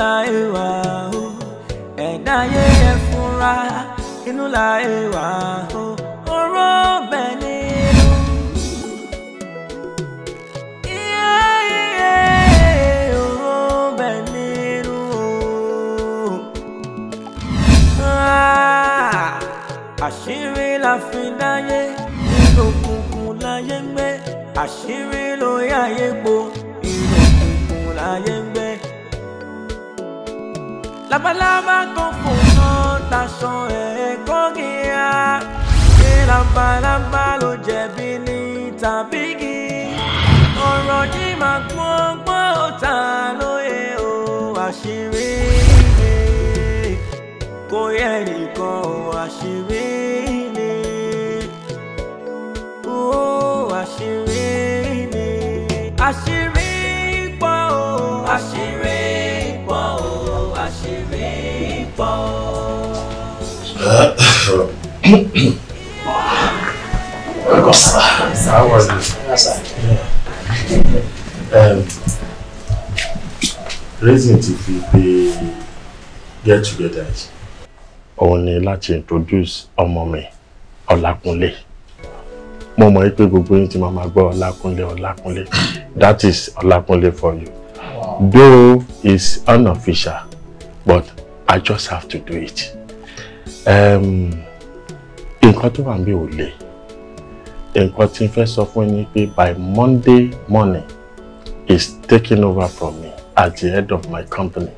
láyé wá o ẹ̀dá ayé yẹ fúnra inú láyé wá o ọ̀rọ̀ bẹ́ẹ̀ ni. Ah, àṣírí la fi láyé nínú kùnkùn láyé ń gbé àṣírí ló yáyé po ìròkùnkùn láyé gbé labalábá kan kò san taṣan ẹ̀ kọ́ kíá ṣé labalábá ló jẹ̀bi ní tàbí kí ọ̀rọ̀ yìí máa gbọ́n gbọ́n ọ̀tá o àṣírí mi kò yẹ nìkan àṣírí mi How was it? Reason ti fi pe get together yìí. Òun ni láti introduce ọmọ mi, Ọlákúnlé. Mo mọ̀ pé bring to mama go máa gbọ́ Ọlákúnlé Ọlákúnlé. That is Ọlákúnlé for you. Though it's unofficial, but I just have to do it. Nǹkan tó wà ń bí ò le. Nǹkan tí n fẹ́ sọ fún yín pé by Monday morning is taking over from me as the head of my company.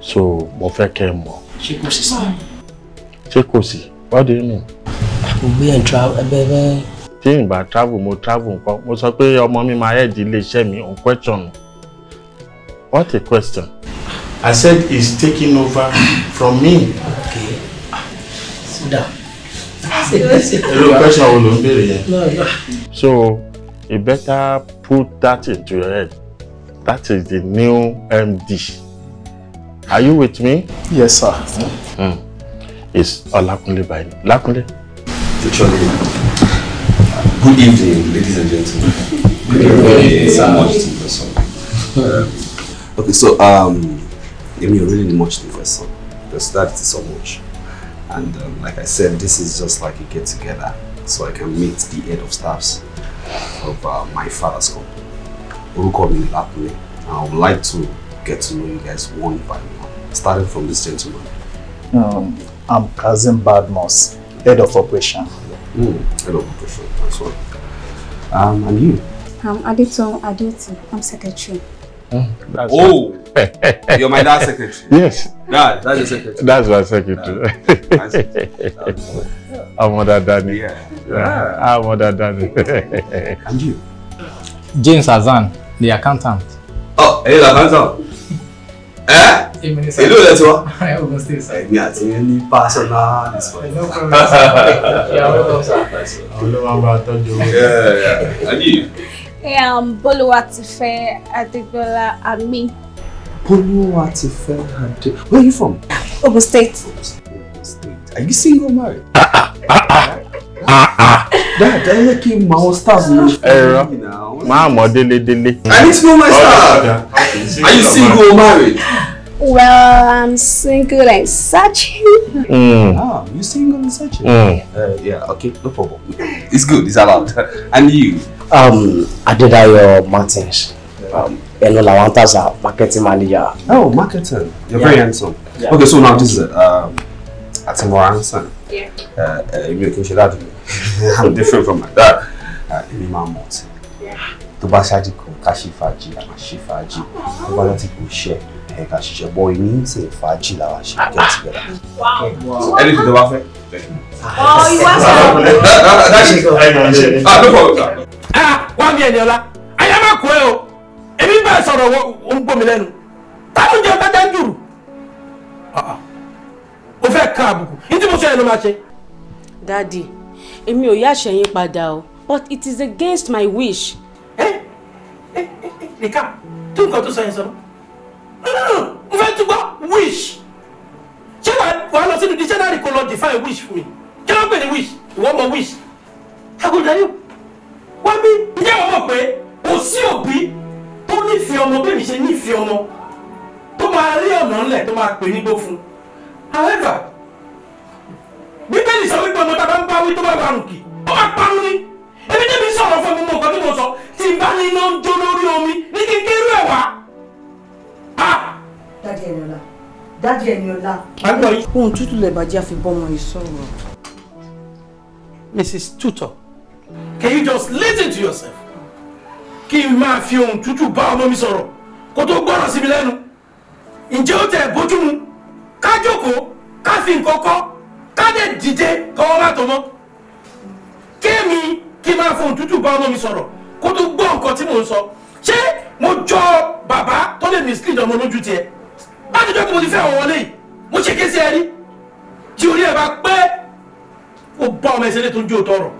So mo fẹ́ kẹ́ ẹ mọ̀. Ṣé kò sí sáà? Ṣé kò sí? What do you mean? Àbúgbé ẹ̀ travel ẹbẹ̀ bẹ́ẹ̀. Tí n bá travel mo travel nǹkan mo sọ pé ọmọ mi máa head ilé iṣẹ́ mi on question. What a question. I said he's taking over from me. Okay. Sit down. Hello, question will No, no. So, you better put that into your head. That is the new MD. Are you with me? Yes, sir. Mm. It's Olakunle by name. Olakunle. Good evening, ladies and gentlemen. Good evening. It's so much to Okay, so um, Amy, you really much to invest because that is so much. And um, like I said, this is just like a get together so I can meet the head of staffs of uh, my father's company, Uruko Minilapune. I would like to get to know you guys one by one, starting from this gentleman. Um, I'm Kazim Badmos, head of operation. Mm, head of operation, that's right. Um, and you? I'm Adito Aditi, I'm secretary that's oh, you're my dad's secretary. Yes. Dad, that's your secretary. That's my secretary. Dad. I'm Mother Danny. Yeah. yeah. I'm Mother Danny. and you? James Azan, the accountant. Oh, hey, the accountant. eh? Hello, that's what? I will stay inside. Me, I think any personal. This one. No problem. Yeah, welcome, sir. Yeah, yeah. And you? I am um, Boluwatife Adigbola Ami. Boluwatife Adigbola. Where are you from? Ogo State. Ogun State. Are you single married? Ah ah ah ah. Dad, I like him. My stars in this family now. My mother, dele I need to know my star. Are you single or oh, married? Well, I'm single and searching. Mm. Ah, you single and searching? Mm. Uh, yeah, okay, no problem. It's good, it's allowed. and you? um, Adedayo Martins. Um, Enola Wantaza, marketing manager. Oh, marketing. You're yeah. very handsome. Yeah. Okay, so now this is um, Atimora Hansen. Yeah. Uh, uh, you can share that I'm different from my dad. Uh, Emima Moti. Yeah. Tó bá ṣáájú kan ká ṣe fàájì, àmà ṣe fàájì. Tó bá láti kò ṣe ẹ̀ ká ṣiṣẹ́ bọ́ inú ṣe fàájì làwa ṣe get together. Ẹni Wow. bá fẹ́. Ọ̀ ìwà sọ̀rọ̀. That shit. Ah, no problem. Ah, wá mi Ẹniọlá àyà má kú ẹ o èmi bá sọ̀rọ̀ ó ń gbómi lẹ́nu ta ló jẹ́ dáadáa ń jùrù ah, ah. o fẹ́ kan àbùkù ní tí mo sọ ẹnu máa ṣe. dadi èmi ò yá àṣẹyìn padà o but it is against my wish. ẹ ẹ ẹ nìkan tí nǹkan tó sọ yẹn sọ mo fẹ́ wish ṣé wàá lọ sínú dictionary kó lọ define wish fún mi kí ló ń pè ní wish ìwọ mọ wish agodayọ wá bí ìyá wọn mọ̀ pé kò sí òbí tó nífẹ̀ẹ́ ọmọ bẹ́ẹ̀ ṣe nífẹ̀ẹ́ ọmọ tó máa rí ọ̀nà ńlẹ̀ tó máa pè nígbó fún however bíbélì sọ wípé ọmọ tá a bá ń bá wí tó bá wà rùn kì ó máa parun ni ebi tẹ́bi sọ̀rọ̀ fún mi mọ̀ nǹkan tí mo sọ tí n bá ní iná ń jó lórí omi ní kékeré ẹ̀ wá. dájú ẹni ọlá dájú ẹni ọlá. ohun tútù lè bàjẹ́ àfi bọ́mọ yìí sọ̀rọ̀. Mrs. Tutor can you just listen to yourself kí n máa fi ohun tútù bá ọmọ mi sọ̀rọ̀ kó tó gbọ́rọ̀ síbi lẹ́nu ǹjẹ́ ó tẹ̀ bójú mu ká jókòó ká fi nǹkan kọ́ ká dẹ̀ dìde kọ́wọ́ bá tó mọ́ kémi kí n máa fohùn tútù bá ọmọ mi sọ̀rọ̀ kó tó gbọ́ nǹkan tí mò ń sọ ṣé mo jọ bàbá tó lè mislead ọmọ lójú tiẹ̀ láti jọ́ kí mo ti fẹ́ àwọn wọlé yìí mo ṣe kí sí ẹ rí tí orí ẹ bá pé ó bá ọmọ ẹsẹ̀ lé tó ń jó tọrọ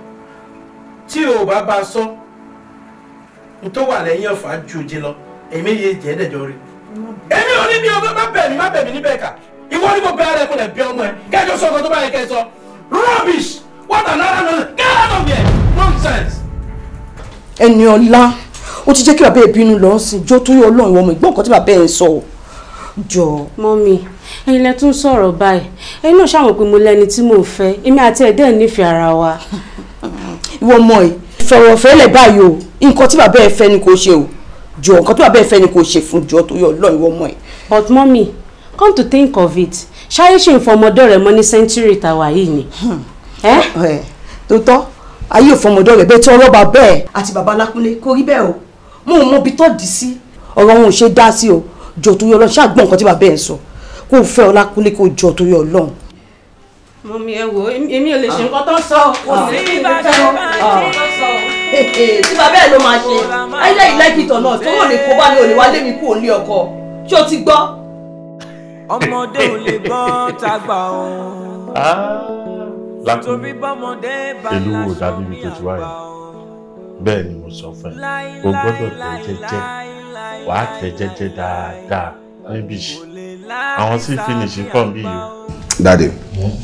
tí o bá bá a sọ n tó wà lẹ́yìn ọ̀fà ju oje lọ èmi yé jẹ́ ẹ̀dẹ̀jọ́ rí èmi ò ní bí ọmọ má bẹ̀ mí má bẹ̀ mí níbẹ̀ kà ìwọ ni mo bẹ ara ẹkùn lẹ̀ bí ọmọ ẹ kẹjọ sọ ọkọ tó bá yẹ kẹ rubbish what an ara nọ get out of here nonsense. ẹni ọlá ó ti jẹ́ kí bàbá ẹ̀ bínú lọ́ọ́ sí jó tó yọ ọlọ́run ọmọ ìgbọ́n nǹkan tí bàbá ẹ̀ sọ jọ. mọ́mí ẹ̀yin lẹ tún sọ̀rọ̀ báyìí ẹ̀yin náà ṣàwọn pé mo lẹ́ni tí mò ń fẹ́ èmi àti ẹ̀dẹ́ nífẹ̀ẹ́ ara wa ìwọ ọmọ yìí fọ̀rọ̀ fẹ́lẹ̀ báyìí o nǹkan tí bàbá ẹ fẹ́ ni kò ṣe o jọ nǹkan tí bàbá ẹ fẹ́ ni kò ṣe fún jọ tó yọ lọ ìwọ ọmọ yìí. but mọ́mí come to think of it ṣáyé ṣe ń fọmọdọ́ rẹ̀ mọ́ ní sẹ́ńtúrì tàwa yìí ni. Hmm. tó tọ́ ayé òfọmọdọ́ rẹ̀ bẹ́ẹ̀ tí ọlọ́ba bẹ́ẹ̀ àti bàbá alákúnlé kò rí bẹ́ẹ̀ o mo mọ ibi tó dì sí ọ̀rọ̀ wọn ò ṣe dá sí o jọ tó yọ lọ ṣáà gbọ́ mọ̀mí ẹ wò èmi ò lè ṣe nǹkan tó sọ kò sí nǹkan ah. ah. tó sọ. tí bàbá ẹ ló máa ṣe ayílẹ̀ ìlẹ́kìtọ̀ náà tó wọ́n lè kó bá mi ò lè wá lé mi kú òní ọkọ ṣé o ti gbọ́. ọmọdé ò lè gbọ́ tàgbà o. lákùnrin ah. ìlú wo dàbí mi tó ti wáyé bẹ́ẹ̀ ni mo sọ fún ẹ o gbọ́dọ̀ tẹ̀ jẹ́jẹ́ wàá tẹ̀ jẹ́jẹ́ dáadáa níbi ìṣe àwọn sì finish nǹkan bí yìí. Daddy. Yeah. Hmm?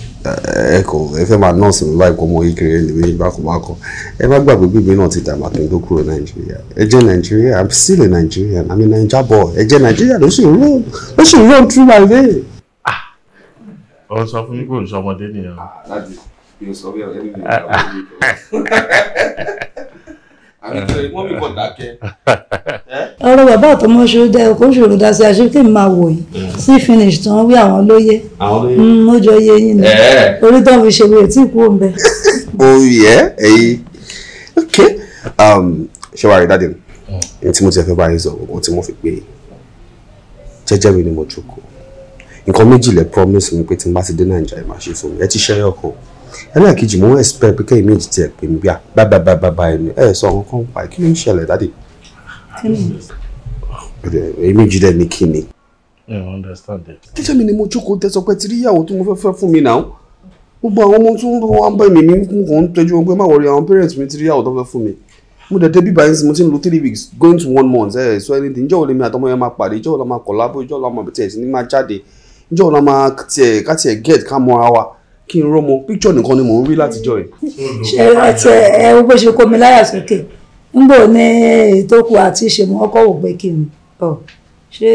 ẹ kò ẹ fẹ́ máa nọ́ọ̀sì mi báyìí kó mọ ìkiri ẹni mi bákọ̀bákọ̀ ẹ má gbàgbé bíbí náà ti dàgbà kí n tó kúrò nàìjíríà ẹ jẹ́ nàìjíríà i'm still a Nigerian i'm a naija boy ẹ jẹ́ nàìjíríà ló sì rún ló sì rún through my vein. Ah! ó sọ fún mi kò ń sọ ọmọdé nìyẹn. Ah, láti fi sọ bí ẹni ah, mi ò ọ̀rọ̀ bàbá àtọmọ ṣòro dá ẹkọ ṣòro dá sí àṣírí kí n máa wò yìí mm. sí finish tán wí àwọn lóye ó mm, jọ yé yín ni orí tán fi ṣe wí ètí òǹbẹ. oyè ẹ ok um, ṣé wàá rí dáadé mi mm. ní tí mo ti fẹ́ bá yín sọ ohun tí mo fi pé jẹ́jẹ́ mi ni mo jókòó nǹkan méjì promise mi pé tí n bá ti dé nàìjíríà máa ṣe fún mi ẹ ti ṣẹ́yọ̀ kan ẹlẹ́ẹ̀kejì mo ń expect pé kẹ́hìn méjì tiẹ̀ pè mí bíà bábà bábà bá ẹni ẹ sọ ọ̀hún kan pa kí ló ń ṣẹlẹ̀ dáàdì. èmi jí dẹ ní kí ni. jíjẹ́ mi ni mo jókòó tẹ́sọ pé tírí ìyàwó tí mo fẹ́ fẹ́ fún mi náà gbogbo àwọn ọmọ tó ń bọ̀ wá ń bọ̀ èmi ní kò ń tẹ́jú wọn pé má wọrí àwọn parents mi tírí ìyàwó tó fẹ́ fún mi mo dẹ̀ débi báyìí mo ti ń lo three weeks going to one month ẹ̀ sọ ẹni tí ìjọ́ wo lèmi àtọmọ yẹn máa pàdé ìjọ́ wo la máa collabo ìjọ́ wo la máa bẹ̀tẹ̀ ẹ̀ sí ní máa jáde ìjọ́ wo la máa tiẹ̀ ká tiẹ̀ get ká mọ wa kí n rọ́mọ píkṣọ̀ nìkan ni mò ń rí látijọ́ ẹ̀. ṣe ọtí ẹ bó ṣe kó mi láyà sókè ń bò ní ìtókù àti ìṣèmú ọkọ̀ wò pé kí n bọ̀ ṣé.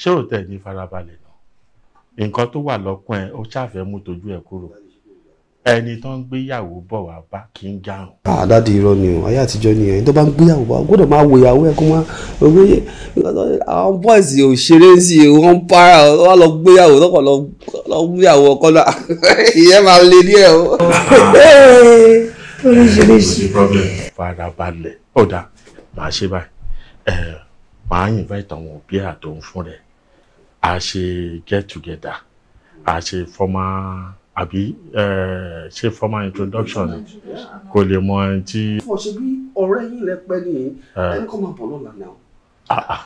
ṣé òtẹ́ ní farabalẹ̀ náà nǹkan tó wà lọ́kàn ẹ ó ṣàfẹ́ mú tójú ẹ kúrò ẹni tó ń gbéyàwó bọ̀ wá bá kì í garùn. àdáde ah, irọ́ ni o ayé àtijọ́ ni ẹni tó bá ń gbéyàwó bá gbọ́dọ̀ máa wo ìyàwó ẹ̀ kó máa wọ́n àwọn bọ́ìsì ò ṣeré sí i wọ́n ń para wọ́n lọ gbéyàwó lọ́kọ̀ lọ gbéyàwó ọkọ náà ìyẹn máa lé díẹ̀ o. Ah. oríṣiríṣi. farabalẹ̀ ọ̀dà màá ṣe báyìí màá invite àwọn òbí àtòun fún rẹ̀ a ṣe get together a ṣe formal àbí ṣe formal introduction ni kò lè mọ ẹni tí. fún ọ̀sẹ̀ bí ọ̀rẹ́ yín lẹ pẹ́ ní ẹni kọ́ máa bọ̀ lọ́la náà. Ah, ah.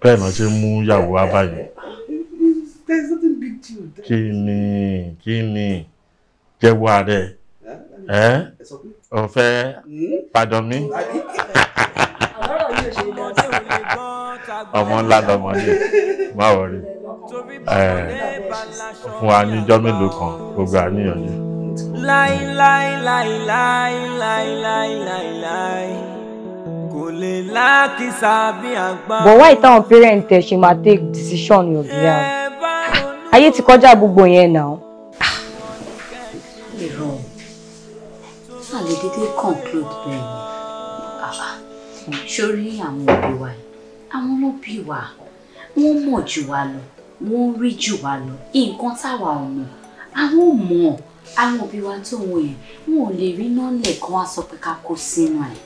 bẹ́ẹ̀ náà ṣe mú yàwó wá báyìí. there is nothing big deal there. kí ni kí ni jẹ́wọ́ ààrẹ ẹ̀ ọ̀fẹ́ hmm? pardon mi. ọmọ ńlá lọmọ yìí má fún wa níjọ́ mélòó kan gbogbo àníyànjú. láíláíláíláíláíláíláí kò lè lákìsà bí àgbà. but why táwọn parents ẹ ṣe máa take decision your behalf ayé ti kọjá gbogbo yẹn náà. ìrọ̀rùn ah. náà lè dédé conclude bẹ́ẹ̀ ni sórí ah, àwọn òbí wa àwọn ọmọ bí wa wọ́n mọ̀ jù wá lọ wọ́n rí jù wá lọ nǹkan táwa ò mọ̀ àwọn ò mọ̀ àwọn òbí wa tó wọn yẹn wọn ò lè rí náà lẹ́ẹ̀kan wá sọ pé ká kó sínú ẹ̀.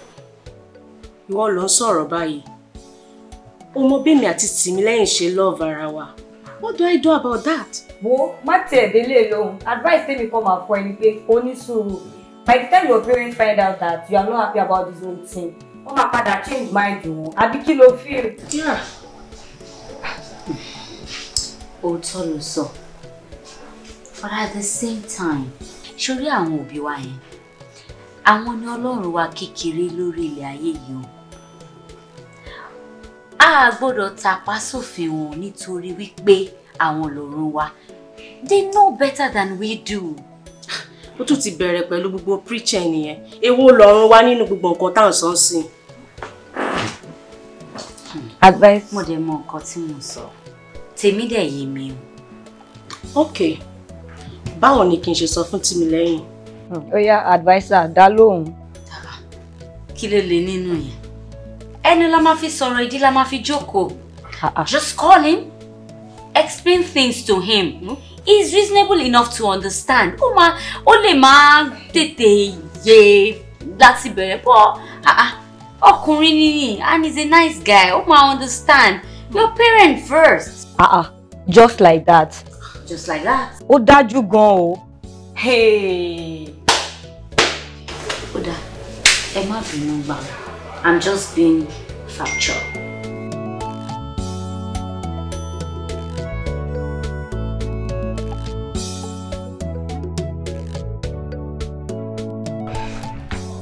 ìwọ ló ń sọ̀rọ̀ báyìí o mọ bẹ́ẹ̀mí àti tìmílẹ́yìn ṣe love ara wa what do I do about that. wo má tiẹ̀ délé lóhùn advice tèmi kan máa fọ ẹni pé o ní sùúrù by the time your parents find out that you are not happy about this whole thing wọ́n máa padà change mind wọn àbí kí lo feel. Yeah òótọ́ sọ but at the same time sórí àwọn òbí wa yẹn àwọn ni ọlọ́run wa kékeré lórí ilẹ̀ ayé yìí o a gbọ́dọ̀ tàpá sófin wọn nítorí wípé àwọn lọ́run wa they know better than we do. ó tún ti bẹ̀rẹ̀ pẹ̀lú gbogbo preacher nìyẹn èwo lọ́run wa nínú gbogbo nǹkan tá à ń sọ sí. advice mo dẹ̀ mọ nǹkan tí mo sọ. So tèmi dẹ̀ yé mi o. ok báwo ni kí n ṣe sọ fún Tìmílẹ́yìn. ó yá adviser dá lóhùn. kí ló lè nínú yẹn ẹnu la máa fi sọ̀rọ̀ ìdí la máa fi jókòó just call him explain things to him. Hmm? he is reasonable enough to understand ó máa ó lè máa tètè yé láti bẹ̀rẹ̀ bọ́ ọkùnrin nìyí and he is a nice guy ó máa understand Your parents first. Ah, uh-uh. just like that. Just like that. Ó dájú gan o. Hey. Oda, ẹ má bínú gbà. I'm just being factual.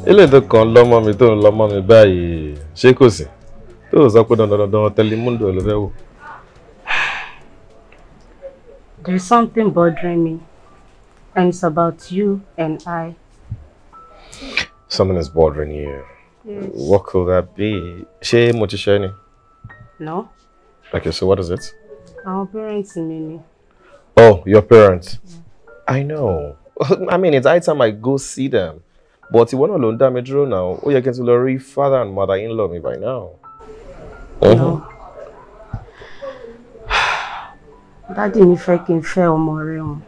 Ilé ìdókan lọ́mọ mi tó ń lọ́mọ mi báyìí, ṣé kò sí? tó sọ pé dandandandan tẹlifóònù ló fẹ́ wò. there is something bothering me and it's about you and I. something is bothering you. Yes. what could that be? ṣé mo ti ṣe ni. no. okay so what is it. our parents mi ni. oh your parents. Yeah. I know. I mean, it's high time I go see them. But ìwọ náà ló ń dá mi dúró now. Ó yẹ kí n ti lọ rí father and mother-in-law mi by now. That oh. didn't mi fẹ́ fail more. wọn.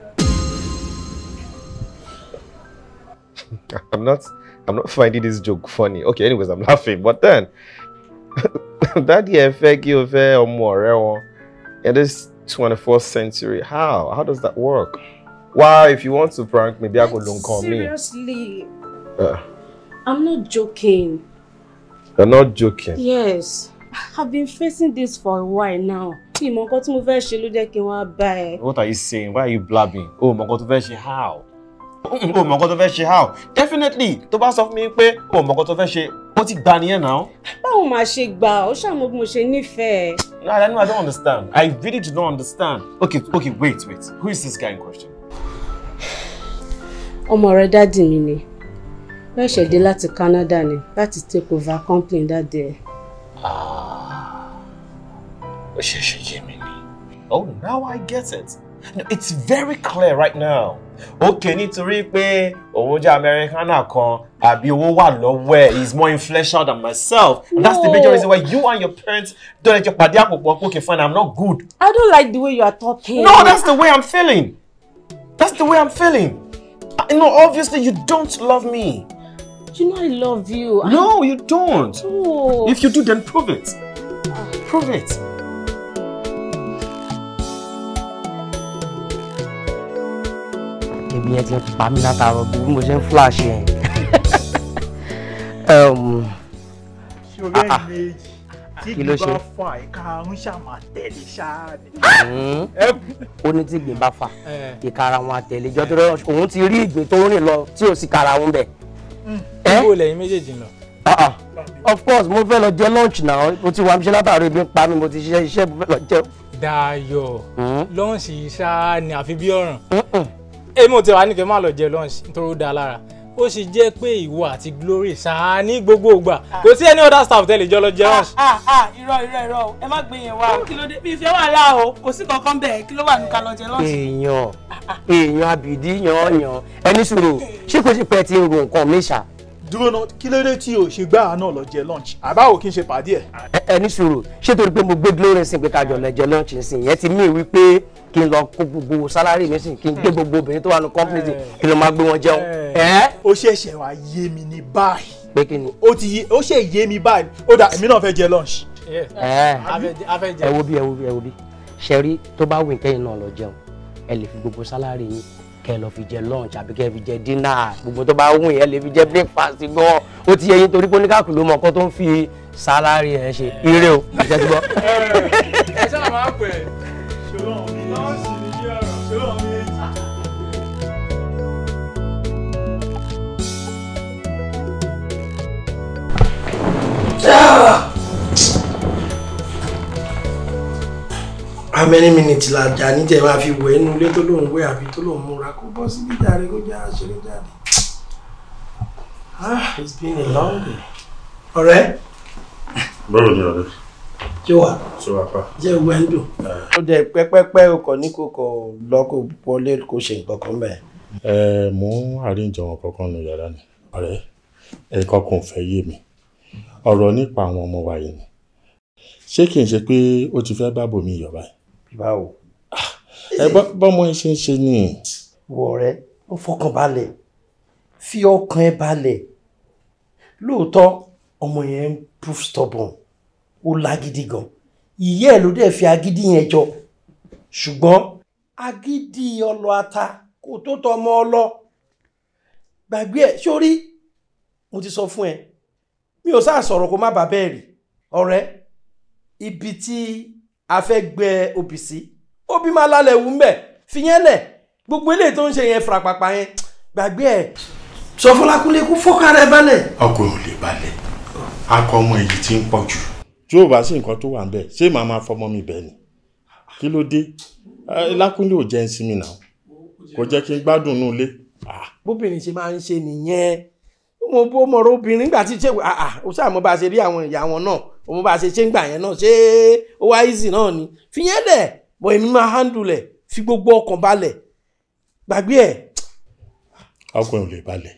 I'm not I'm not finding this joke funny. Okay, anyways, I'm laughing. But then, that ẹ fẹ́ you o fẹ́ ọmọ rẹ̀ wọn in this 21st century. How? How does that work? Why, if you want to prank me, I go don't call me. Seriously. Uh, I'm not joking. You're not joking? Yes. I've been facing this for a while now. Mi mọ nǹkan tí What are you saying? Why are you blabbing? Oh, mọ nǹkan how? Oh, mọ nǹkan how? Definitely To pass off me, mi pé o mọ nǹkan tó fẹ́ ṣe ó ti gba nìyẹn náà. Báwo mo ṣe nífẹ̀ẹ́. No, I don't understand. I really do not understand. Okay, okay, wait, wait. Who is this guy in question? Ọmọ rẹ̀ dáàdì mi ni. should ṣẹ̀dé láti Canada That is take over complain that ẹ̀. Ah. me. Oh, now I get it. No, it's very clear right now. Okay, need to owó jẹ́ Americana kan àbí owó wà lọ́wọ́ ẹ̀ is more influential than myself. And no. that's the major reason why you and your parents don't let your pàdé àpòpọ̀ okay fine I'm not good. I don't like the way you are talking. No, that's the way I'm feeling. That's the way I'm feeling. No, obviously you don't love me. You know I love you. I... No, you don't. Oh. If you do, then prove it. Prove it. Ebi yẹn ti ń pa mí látàárọ̀ bí mo ṣe ń fúláṣì yẹn. Ṣòro ẹ̀ méjì tí hmm? gbìn bá fà ìka ń ṣàmà ní tí gbìn bá fà ìka ara wọn àtẹ̀lé jọ́ tó rẹ̀ òun ti rí ìgbín tó rìn lọ tí ò sì kara òun bẹ̀. Eh? Ah, ah. of course mo fẹ́ lọ jẹ lunch náà mo ti wà níṣẹ́ látàrí ibi ń pa mi mo ti ṣiṣẹ́ iṣẹ́ mo fẹ́ lọ jẹun. Dayọ̀ hmm? lọ́ọ̀ṣì ṣáá ni àfi bí ọ̀ràn èmi ò tẹ wá ní kí n má lọ jẹ lọ́ọ̀ṣì nítorí ó dáa lára ó sì jẹ́ pé ìwọ àti glory ṣáá ní gbogbo ìgbà ah, kò sí any other staff tẹ́lẹ̀ jọ lọ jẹ lunch. irọ́ irọ́ irọ́ ẹ má gbé yẹn wá o hmm. kí ló dé bí ìfẹ́ wà láà o kò sí kankan bẹ́ẹ̀ kí ló wà ní ká lọ jẹ lunch. èèyàn èèyàn àbìdí yan yan ẹni sùúrù ṣé kò sí pẹ́ tí ń ro nǹkan mi ṣá dúró náà kí ló dé tí o ṣe gbá àánú lọ jẹ lunch àbáwò kí n ṣe pàdé ẹ. ẹ ní sùúrù ṣé torí pé mo gbé glory sí pé ká jọ lọ jẹ lunch sí ìyẹn ti mí wípé kí n lọ kó gbogbo salary. mi sí kí n gbé gbogbo obìnrin tó wà ní company kí n lọ máa gbé wọn jẹun. ó ṣẹ̀ṣẹ̀ wá yé mi ní báyìí. pé kí ni. ó ti yé ó ṣe yé mi báyìí ó dà èmi náà fẹ́ jẹ lunch. ẹ wo bí ẹ wo bí ẹ wo bí ṣe rí tó bá wù kẹ́yìn náà lọ jẹun ẹ lè fi gbogbo sálárì yín kẹ́ lọ fi jẹ lunch àbí kẹ́ fi jẹ dinner gbogbo tó bá wù yẹn lè fi jẹ breakfast gan ó ti yẹ yín torí pé oníkàkùn ló mọ nǹkan tó ń fi sálárì ẹ ṣe ire o ìjẹ́ ti gbọ́. ẹ ṣáà máa pẹ̀ ṣòro mi lọ́ọ̀sì ní kí ọ̀rọ̀ ṣòro mi. Ah! how many minutes la jà ní tẹ̀ máa fi wẹ̀ inú ilé tó lòun wẹ̀ àbí tó lòun múra kó bọ́ síbi jáde kó já ṣeré jáde. ah it's been a long day. ọ̀rẹ́. báwo ni ọ̀rẹ́. ṣé wà. ṣé wà pa. jẹ́ ìwé ń dùn. ó dẹ pẹ́pẹ́pẹ́ o kàn ní kò kàn lọ kó wọlé kó ṣe nǹkan kan bẹ́ẹ̀. ẹ mò ń àríjọ wọn kankan nù yàrá ni ọ̀rẹ́ ẹ̀kọ́ kan ò fẹ́ yé mi ọ̀rọ̀ nípa àwọn ọmọ wa yìí ni ṣé kì í ṣe pé ó ti fẹ́ bá bòmí yọ̀ báyìí báwo. ẹ bọ́mọ ṣe ń ṣe ni. wọ rẹ ó fọkàn balẹ̀ fi ọkàn ẹ balẹ̀ lóòótọ́ ọmọ yẹn ń prove stubborn ó lágídí gan ìyẹ́ ẹ̀ ló dẹ̀ fi agídí yẹn jọ ṣùgbọ́n agídí ọlọ ata kò tó tọ ọmọ ọlọ gbàgbé ẹ sórí mo ti sọ fún ẹ mi ò sáà sọ̀rọ̀ kó má bàa bẹ́ẹ̀ rí ọ̀rẹ́ ibi tí afẹ́gbẹ́ OPC ó bí máa lálẹ́ wù mbẹ̀ fìyẹn lẹ̀ gbogbo eléyìí tó ń ṣe yẹn fàràpàpà yẹn gbàgbé ẹ̀. sọ Fọlákúnlé kó fọ́kà rẹ balẹ̀. ọkọ ò lè balẹ̀ akọ ọmọ èyí ti ń pọ̀ jù. tí ò bá sí nǹkan tó wà ń bẹ̀ ṣé màá máa fọmọ mi bẹ́ẹ̀ ni kí ló dé Lákúnlé ò jẹ́ ń sinmi náà kò jẹ́ kí n gbádùn inú ilé. bóbìnrin ṣe máa ń ṣe nìyẹn mo bó mọ̀rọ̀ obìnrin nígbà tí ṣé àà ó sáà mo bá ṣe rí àwọn ìyá wọn náà ó mo bá ṣe ṣé ń gbà yẹn náà ṣé ó wá easy náà ni fi yẹn lẹ̀ bọ̀ èmi máa handle ẹ̀ fi gbogbo ọkàn balẹ̀ gbàgbé ẹ̀. ọkùnrin ò lè balẹ̀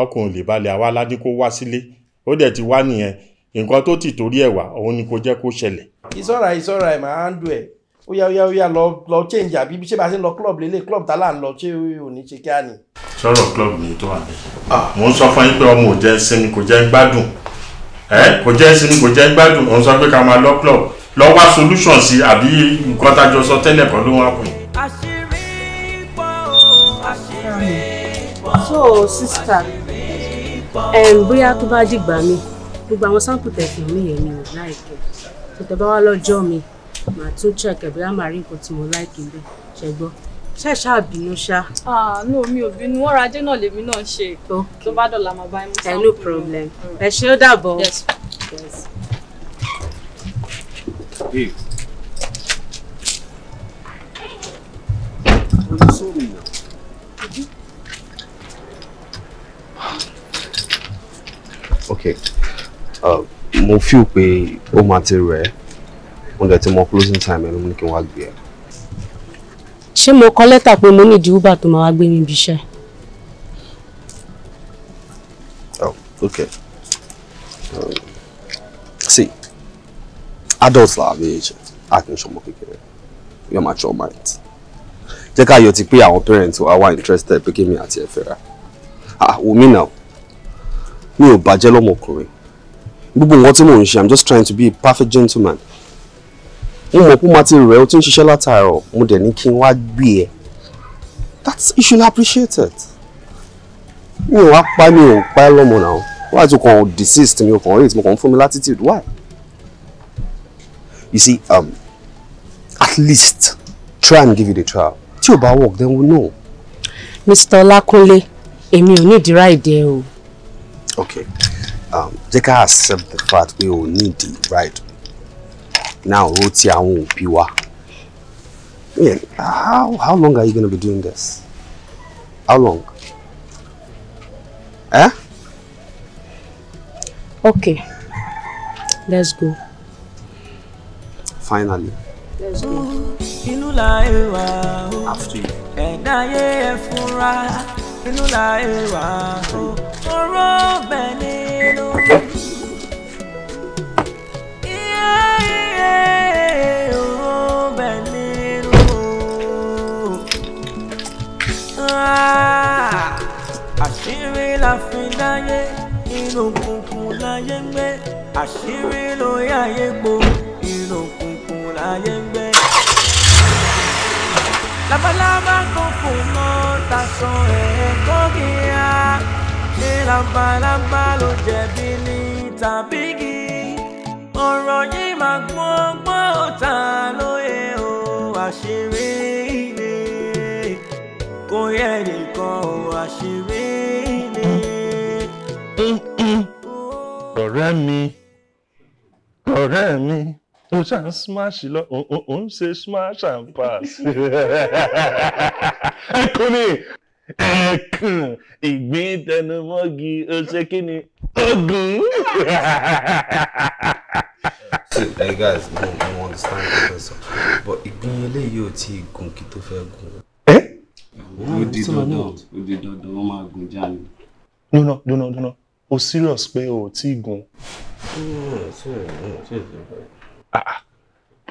ọkùnrin ò lè balẹ̀ àwa aládé kó wá sílé ó dẹ̀ ti wá nìyẹn nǹkan tó ti torí ẹ̀ wá òun ni kò jẹ́ kó ṣẹlẹ̀. it's alright it's alright handle ẹ̀ ó yá ó yá ó yá lọ lọ change àbí ṣé bá ṣe ń lọ club lélẹ̀ club tá là ń lọ ṣé ò ní ṣe kíá ni. sọ̀rọ̀ club mi tó wà bẹ́ẹ̀. Ah. mò ń sọ fún yín pé ọmọ ò jẹ́ sinmi kò jẹ́ gbádùn kò jẹ́ sinmi kò jẹ́ gbádùn òun sọ pé ká máa lọ club lọ wá solution sí àbí nǹkan tájọ sọ tẹ́lẹ̀ kan ló wá kù. so sister um, bóyá tó bá dìgbà mi gbogbo àwọn sample tẹ̀sán mi yẹn ni ò láìpẹ́ tó tẹ bá wá lọ́jọ́ mi màá tún check ẹ̀ bóyá màá rí nǹkan tí mo like ń bẹ̀ ṣẹ́gbọ́n ṣe ṣáà bínú ṣá. àánú ah, mi ò bínú wọn rajé náà lèmi náà ṣe tó bá dọ̀là máa bá ẹmu eh, sáà. no problem mm. ẹ ṣe ó dàbọ̀. ok ah, mo feel pé ó máa ti rẹ̀ mo dẹ̀ ti mọ closing time ẹnu mo ní kí n wá gbé ẹ. ṣé mo kọ lẹ́tà pé mo ní ìdí uber tó máa wá gbé mi ibi iṣẹ́. oh okay um, see adults la àbí ẹ̀jẹ̀ a kì í ṣọmọ kékeré yóò máa ṣọ mind jẹ́ ká yọ ti pé àwọn parents wa wá interested pé kémi àti ẹ̀ fẹ́ra ah wùmí náà mi ò bàjẹ́ lọ́mọkùnrin gbogbo nǹkan tí mò ń ṣe i'm just trying to be a perfect gentleman mo mọ̀ pé ó máa ti rẹ̀ ó ti ń ṣiṣẹ́ látàárọ̀ mo dẹ̀ ní kí n wá gbé ẹ e. that you should appreciate it mi ò wá pa mi ò pa ẹ lọ́mọ náà wá tó kàn desist mi ò kàn rate mo kàn fún mi latitude why you see um, at least try and give it a try tí ò bá work then we know. Mr. Ọlákúnlé èmi ò ní ìdíra ìdẹ o. okay um, jẹ́ ká accept the fact pé o need the right now roti ti àwọn wa. Yeah, how how long are you gonna be doing this? How long? Eh? Okay, let's go. Finally. Let's go. After you. Ah, àṣírí la fi láyé inú kùnkùn láyé ń gbé àṣírí ló yáyé gbó inú kùnkùn láyé ń gbé. labalábá kan fò mọ́ tasọ ẹ̀ kọ́kíyá ṣé labalábá ló jẹ̀bi ní tàbí kí ọ̀rọ̀ yìí máa gbọ́n gbọ́n ọ̀tá lóye o àṣírí ilé kò yẹ nìkan o àṣírí ilé. ọ̀rẹ́ mi ọ̀rẹ́ mi o ṣá ń smash lọ o ń ṣe smash and pass ẹ kún ni ẹ̀ẹ̀kan ìgbín tẹnumọ́gi ó ṣe kí ni ogun. see like guys mo mo understand the question but ìgbín eléyìí ò tí ì gùn kí tó fẹ́ gùn. ẹ ó di dandan ó di dandan ó máa gùn já ni. dúnà dúnà dúnà o serious pé o ò tí ì gùn. Ah,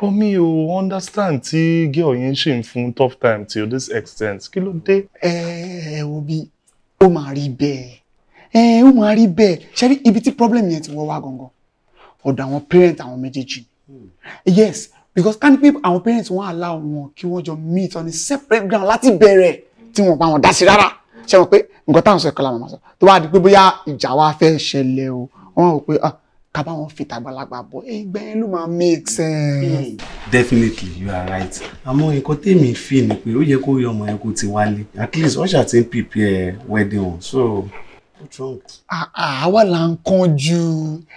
bọ́ mi ò understand tí girl yẹn ṣì ń fún tough time till this extent kí ló dé. ẹ eh, ẹ wo bí ó máa rí bẹ́ẹ̀ ẹ eh, ó máa rí bẹ́ẹ̀ ṣe ibi tí problem yẹn ti wọ́ wá gangan ọ̀dọ̀ àwọn parent àwọn méjèèjì hmm. yes because can people àwọn parents wọn allow wọn kí wọ́n jọ meet on a separate ground láti bẹ̀rẹ̀ tí wọ́n bá wọn dá sí rárá ṣe wọn pé nǹkan táwọn sọ ẹ̀kọ́ làwọn sọ tó bá di pé bóyá ìjà wa fẹ́ ṣẹlẹ̀ o wọ́n rò pé ah, ká bá wọn fìtà àgbàlagbà bọ̀ ẹgbẹ́ yẹn ló máa make sense. Hmm. definitely you are right àmọ́ nǹkan tèmi fi ni pé ó yẹ kó yọ ọmọ yẹn kó ti wálé at least ọ̀ṣà ti ń prepare wedding o so àwa là ń kánjú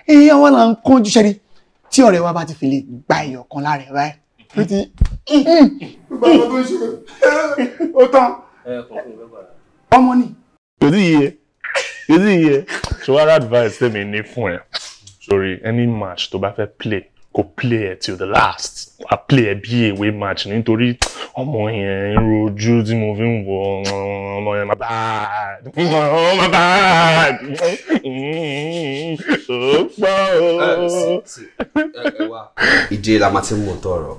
ẹ̀yìn eh, àwa là ń kánjú ṣẹ́ni tí ọ̀rẹ́ wa bá ti fi lè gba ẹ̀yọ̀ kan lára ẹ̀ báyìí ó ti. Mm, mm. gbogbo àwọn tó ń ṣe ó tán ọmọ ni. kò sí iye kò sí iye ṣọwárà advice tèmi ní fún ẹ sórí any match tó bá fẹ́ play kò play ẹ̀ till the last I play ẹ̀ bí èwe match nítorí ọmọ yẹn ń rojú tí mo fi ń wọ ọmọ yẹn máa bad ọmọ bad ó pọ̀ ó. Eh, eh, eh, ìdí la máa ti mú un tọrọ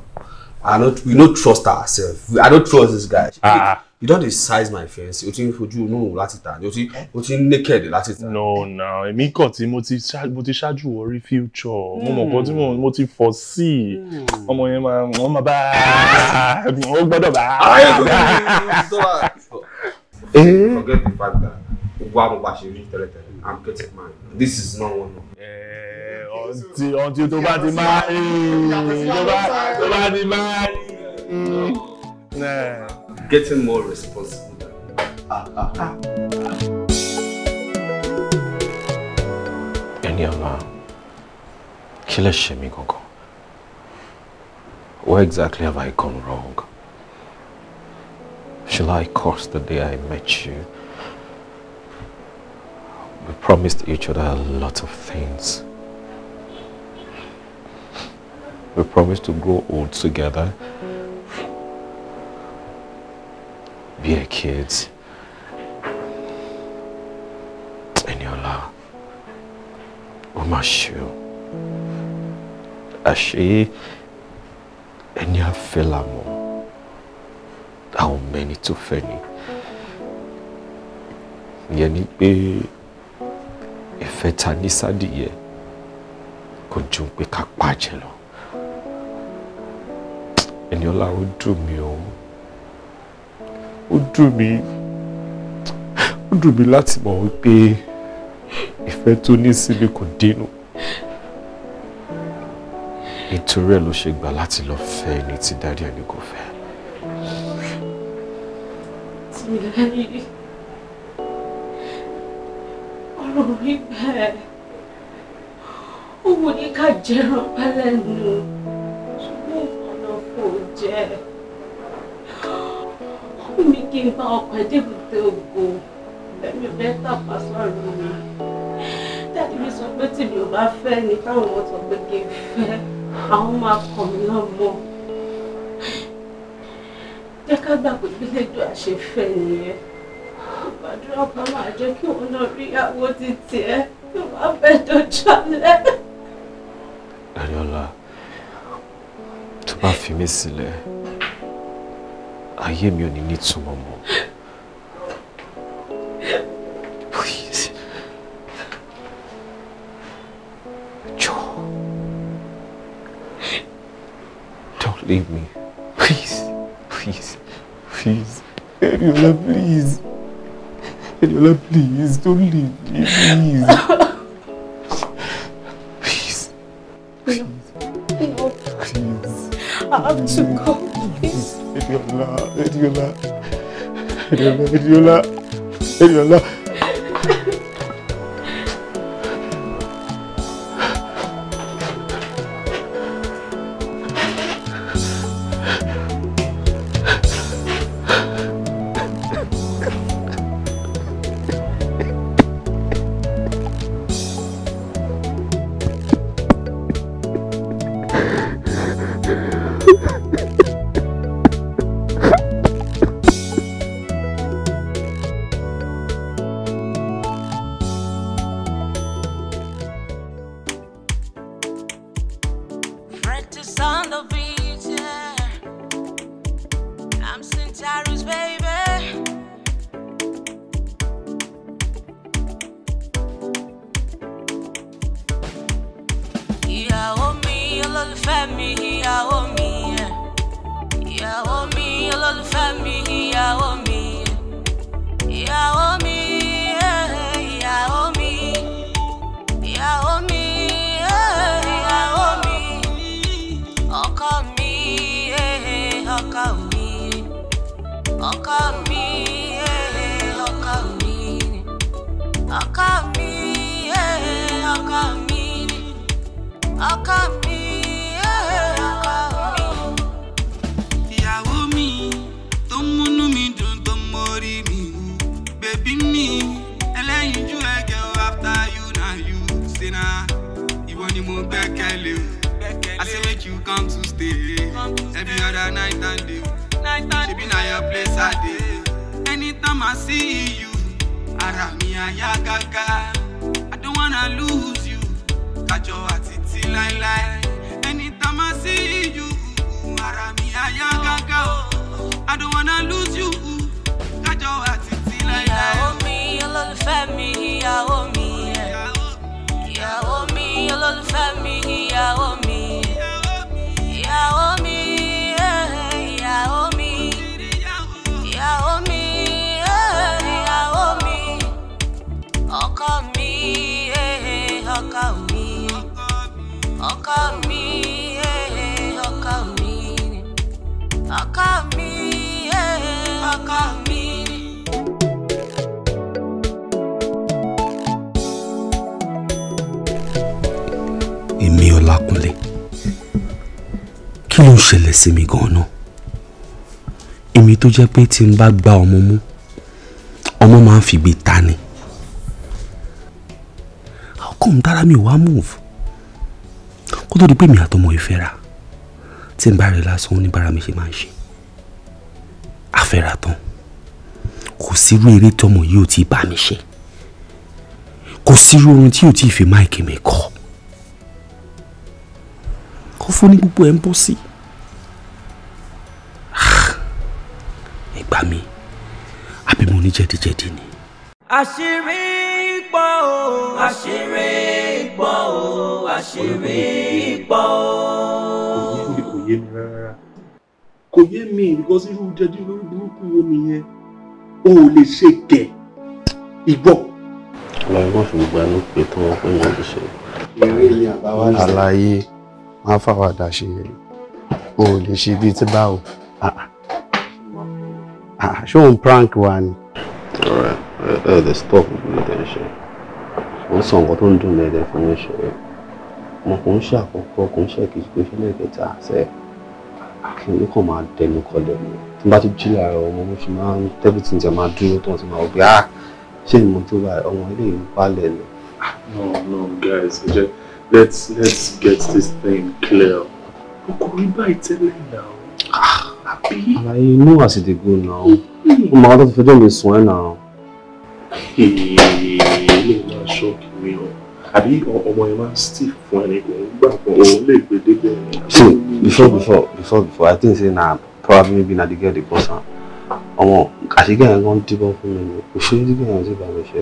i no we no trust ourselves i no trust this guy. Ah you don't dey size my fence o ti ń fojú inú láti tà ni o ti o ti ń naked láti tà. no na èmi kàn tí mo ti mo ti ṣáájú wọrí future mo mọ̀ kan tí mo ti foresee. sí hmm. ọmọ yẹn máa wọ́n máa bá wọ́n gbọ́dọ̀ bá. Eh? forget the fact that gbogbo àwọn bá ṣe rí tẹ́lẹ̀tẹ́lẹ̀ i'm getting mine this is not one of ọ̀ntì eh, ọ̀ntì tó bá ti máa ń tó bá ti máa ń. Eh. getting more responsible. Ah, ah, ah. Eniola, kí ló ṣe mí gangan? Where exactly have I gone wrong? Shall I curse the day I met you? We promised each other a lot of things. We promised to grow old together be a kid. Eniola, ó mà ṣe o. Àṣé ẹni a How many to feni? Yeni tó fẹ́ ni. Ìyẹn ni pé ìfẹ́ ta ní sádìyẹ kò ju pé ká pàjẹ́ ó dùn mí láti mọ̀ wípé ìfẹ́ tó ní sí mi kò dínú nítorí ẹ̀ ló ṣe gbà láti lọ fẹ́ ẹni tí dáadé ẹni kò fẹ́. Tìmílẹ́yìn ọ̀rọ̀ mi bẹ́ẹ̀ ó wù ní ká jẹran pálẹ̀ nù ṣùgbọ́n ọ̀nà kò jẹ́ kí n bá ọkọ̀ ẹ̀dẹ́gbẹ̀tẹ ògo ẹ̀mí bẹ́ẹ̀ tàpá sọ̀rọ̀ mi dáàdì mi sọ pé tí mi ò bá fẹ́ ni táwọn ọmọ sọ pé kí n fẹ́ àwọn máa kọ̀ mí náà mọ́ jẹ́ ká gbà pé gbẹ́lẹ́dọ̀ àṣefẹ́ nìyẹn ìgbàdúrà kan máa jẹ́ kí òun náà rí ìyàwó ti tiẹ̀ tó bá fẹ́ dojú alẹ́. Ariola tó bá fi mí sílẹ̀. Si I am your ní nítumọ̀ mọ́. Please. Joe. do Don't leave me. Please. Please. Please. Eriola, please. Eriola, please. Don't leave me. Please. Please. please. i have to go, Please you love, if you love. ni mo gbẹ́kẹ̀lé o i say make you come to stay every other night and day ṣebi na your place i dey anytime i see you ara mi àyà gágá i don't wanna lose you kájọ àti ti láéláé anytime i see you ara mi àyà gágá o i don't wanna lose you. ya omi. ń ṣẹlẹ̀ sí mi gan-an èmi tó jẹ́ pé tí n bá gba ọmọ mú ọmọ máa ń fìgbé ta ni how come dára mi ò wá move kó tó di pé mi àtọmọ ìfẹ́ra tí n bá rí lásán oníbàárà mi ṣe máa ń ṣe àfẹ́ra tán kò sírú eré tọmọ yìí ò tí ì bá mi ṣe kò sírú orin tí ò tí ì fi máìkì mi kọ kó fún ní gbogbo ẹ̀ ń bọ́ sí i. gbà mí àbí mo ní jẹ̀díjẹ̀dí ni. àṣírí pọ̀ o àṣírí pọ̀ o àṣírí pọ̀ o. kò yé mi rárá kò yé mi because irú jẹjú lórí burúkú wo nìyẹn o ò lè ṣe gẹ̀ ìgbọ́. ọlọ́run kò fi gbogbo àánú pé tó pé wọ́n ti ṣe. eré ni àbáwá ṣe. àlàyé máa fàwàdà ṣe o ò lè ṣe bíi tí báwo. Ah, ah ah ṣóun prank wa ni. ọ̀rẹ́ ẹ ẹ stop gbogbo ìdẹ̀ ṣe wọ́n sọ nǹkan tó ń dùn lẹ́dẹ̀ fún mi ṣe mo kò ń ṣe àkọ́kọ́ kò ń ṣe kejì pé ṣẹlẹ̀ kẹta ṣe kí n kàn máa dẹnu kọlẹ̀ mi tí n bá ti jí láàárọ̀ ọmọ mo ṣe máa ń tẹ́bí tí n jẹ́ máa dúró tán tí máa gbé ah ṣé ìmọ̀ tó bá ọmọ ilé ìlú balẹ̀ ni. Ah, no no guys let's let's get this thing clear. ọkùnrin báyìí tẹ́lẹ̀ náà àbí. àlàyé inú àsìdè go now. ó máa tó fẹjọ́ mi sùn ẹ̀ náà. ilé ìwà ṣọ́ọ̀kì mi o àbí ọmọ ẹ máa stiff fún ẹni kò ń gbà fún òun lè gbé débẹ̀. before before before before i think say now probably maybe get the girl dey cause am ọmọ àṣìgẹ́ yẹn gan díbọ́n fún mi ni òṣèré dígbà yẹn ti bà mí ṣe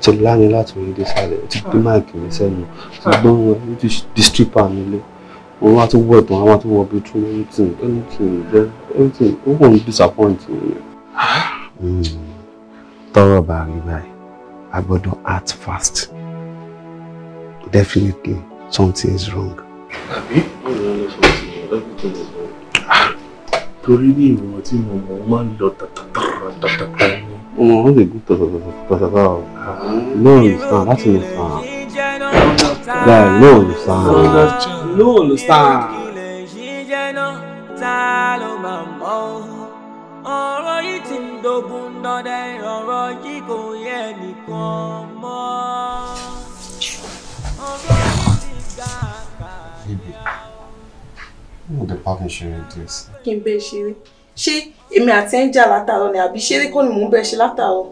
ti láni láti orí dé sálẹ̀ ti gbé máìkì mi sẹ́nu ti gbọ́n wọn ti di stripper mi lé wọn wá tún wọ ẹ̀bùn àwọn tún wọ bí tún everything anything jẹ everything ó kàn ń disappoint nìyẹn. Hmm. tọrọ bá rí báyìí a gbọ́dọ̀ act fast definitely something is wrong. àbí everything is wrong. torí ní ìwọ̀n tí mo mọ̀ máa ń lọ tàtàtàtàtàtà. ọmọ wọn lè gún tàtàtàtàtàtà lọ́ọ̀rì ah, sàn láti lè sàn bẹ́ẹ̀ ló ń sá. ló ń sá. the park Kí n bẹ́ ṣeré. Ṣé èmi àti ẹ̀ ń jà látàárọ̀ ni àbí ṣeré kọ́ ni mò ń bẹ́ ṣe látàárọ̀?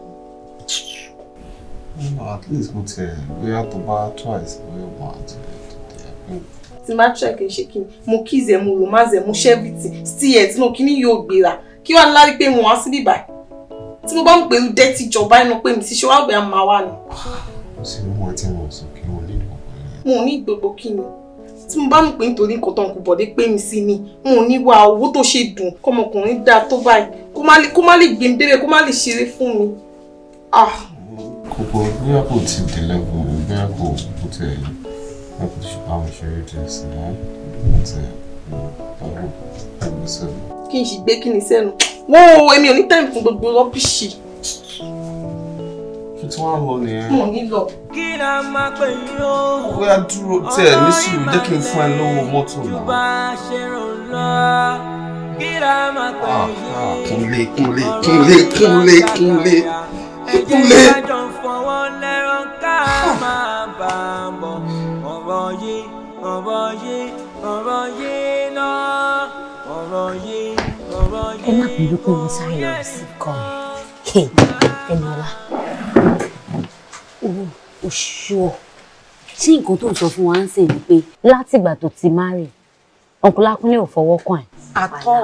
at least mo tiẹ̀ bóyá tó bá twice bóyá mo àti ẹ̀ tí má check ṣe kí mo kiss ẹ mo romance ẹ mo share everything still ẹ tí mo kí ni yóò gbéra kí wàá lárí pé mo wá sí bíbá tí mo bá ń pẹ̀lú dẹ́tí ìjọba ẹnu pé mi ti ṣe wá gbéra máa wà nù. mo sì mú ẹ tí mo sọ kí mo ní ìgbòho rẹ. mo ní gbogbo kí ni tí mo bá mọ̀ pé nítorí nǹkan tó ń kú bọ̀dé pé mi sí ni mo ní wa owó tó ṣe dùn kọ́mọkùnrin dáa tó báyìí kó má lè gbé mi débẹ̀ kó má lè ṣeré fún mi. ah kò pọ̀ bóyá kò ti dé level bóyá kò kò tẹ̀ bóyá ti bá wọn ṣeré díẹ̀ sí i kò tẹ̀ báwo ẹgbẹ́ sẹ́nu. kí n sì gbé kí ni sẹ́nu wó èmi ò ní time fún gbogbo rọ́bìṣì. kí tí wọ́n á lọ nìyẹn. mo ní lọ. kí la máa pè yín o. bóyá dúró tẹ̀ ní sùúrù jẹ́ kí n fún ẹ lọ́wọ́ mọ́tò náà. yorùbá ṣe ràn lọ. Kúnlé, kúnlé, kúnlé, kúnlé, kúnlé ojú lé. ẹ̀jẹ̀ ìdájọ́ fọwọ́ lẹ́rọ ká máa bá a bọ̀ ọ̀rọ̀ yìí ọ̀rọ̀ yìí ọ̀rọ̀ yìí náà ọ̀rọ̀ yìí ọ̀rọ̀ yìí. ẹ má bínú pé mo sáré lọ sí kọ́ mi Ẹniọlá oṣù tí nǹkan tó ń sọ fún wa ń sìn ni pé látìgbà tó ti má rè ọkùnrin akúnlé ò fọwọ́ kàn ẹ́. àtọ́.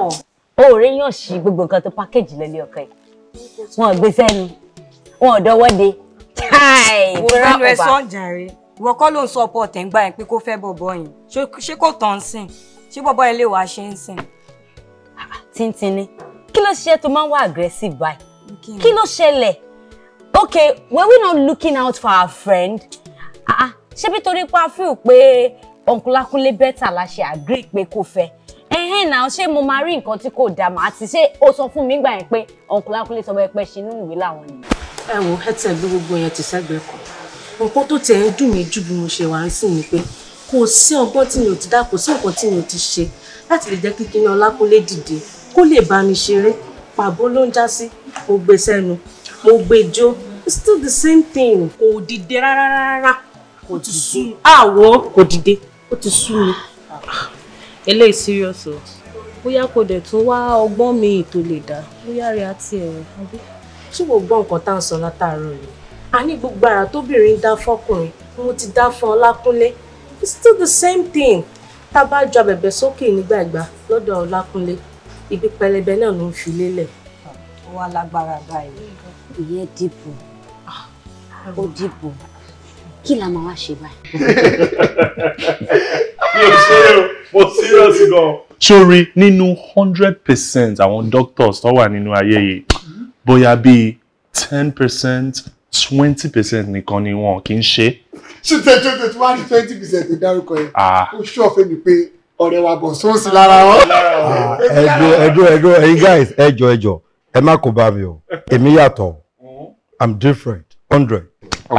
o rí yàn sí gbogbo nǹkan tó pákéjì lẹ́lẹ́ ọkọ ẹ̀ wọn gbé sẹ́nu wọn ò dọwọ́ de. wo rẹ́nu ẹ sọ jàre ìwọ kọ́ ló ń sọ ọ̀pọ̀ ọ̀tẹ̀ ń gbà yẹn pé kó fẹ́ bọ̀bọ̀ yẹn ṣé kò tán sìn ṣé bọ̀bọ̀ yẹn lè wá ṣe ń sìn. tíntín ni kí ló ṣiṣẹ́ tó máa ń wá aggressive báyìí kí ló ṣẹlẹ̀ okay were we not looking out for our friend ah, ah, ṣé bí torí pa fíl pé ọ̀nkúlákúnlé bẹ́tà la ṣe agree pé kò fẹ́ ẹ̀hẹ́n náà ṣé mo máa rí nǹkan tí kò dá mà á ti ṣe ó sọ fún mi gbà yẹn pé ọ̀nkúlákúnlé sọ pé pẹ́ ṣe inú ìwé làwọn nìyẹn ẹ wo ẹtẹ bí gbogbo yẹn ti sẹ́gbẹ̀ẹ́ kan nǹkan tó tiẹ̀ ń dùn mí jù bí mo ṣe wà ń sìn ni pé kò sí ọgbọ́n tí mi ò ti dá kò sí nǹkan tí mi ò ti ṣe láti lè jẹ́ kí Kínní Ọlákúnlé dìde kó lè bá mi ṣeré pàbó ló ń já sí mo gbé sẹ́nu mo gbé jó it's still the same thing kò dìde rárá rárá kò ti sú mi àwọ̀ ah, kò dìde ó ti sú mi. eléyìí serious o bóyá kò dẹ̀ tún wá ọgbọ́n mi tó lè dá bóyá rẹ̀ á tiẹ̀ rẹ̀ ṣé wò gbọ́ nǹkan tá à ń sọ látàárọ̀ rẹ̀ a ní gbogbo ara tóbìnrin dá fọkùnrin mo ti dá fún ọlákúnlé it's still the same thing tá a bá ju abẹ̀bẹ̀ sókè nígbà ìgbà lọ́dọ̀ ọlákúnlé ibi pẹlẹbẹ náà ló ń fi lélẹ̀. ó wá lágbára báyìí ìyẹn dìbò ó dìbò kí la máa wá ṣe báyìí. mi ò ṣeré o mo serious gan. sórí nínú hundred percent àwọn doctors tó wà nínú ayé yìí bóyá bíi ten percent twenty percent nìkan ni wọn kì í ṣe. ṣé tẹ́tí tẹ́tí wá ní twenty percent tó dárúkọ yẹn ó ṣọ́ọ̀fẹ́ mi pé ọ̀rẹ́ wa bọ̀ sóòsì lára wọn. ẹjọ ẹjọ ẹjọ ẹyin guys ẹjọ ẹjọ ẹ má kó bá mi o èmi yàtọ̀ i'm different hundred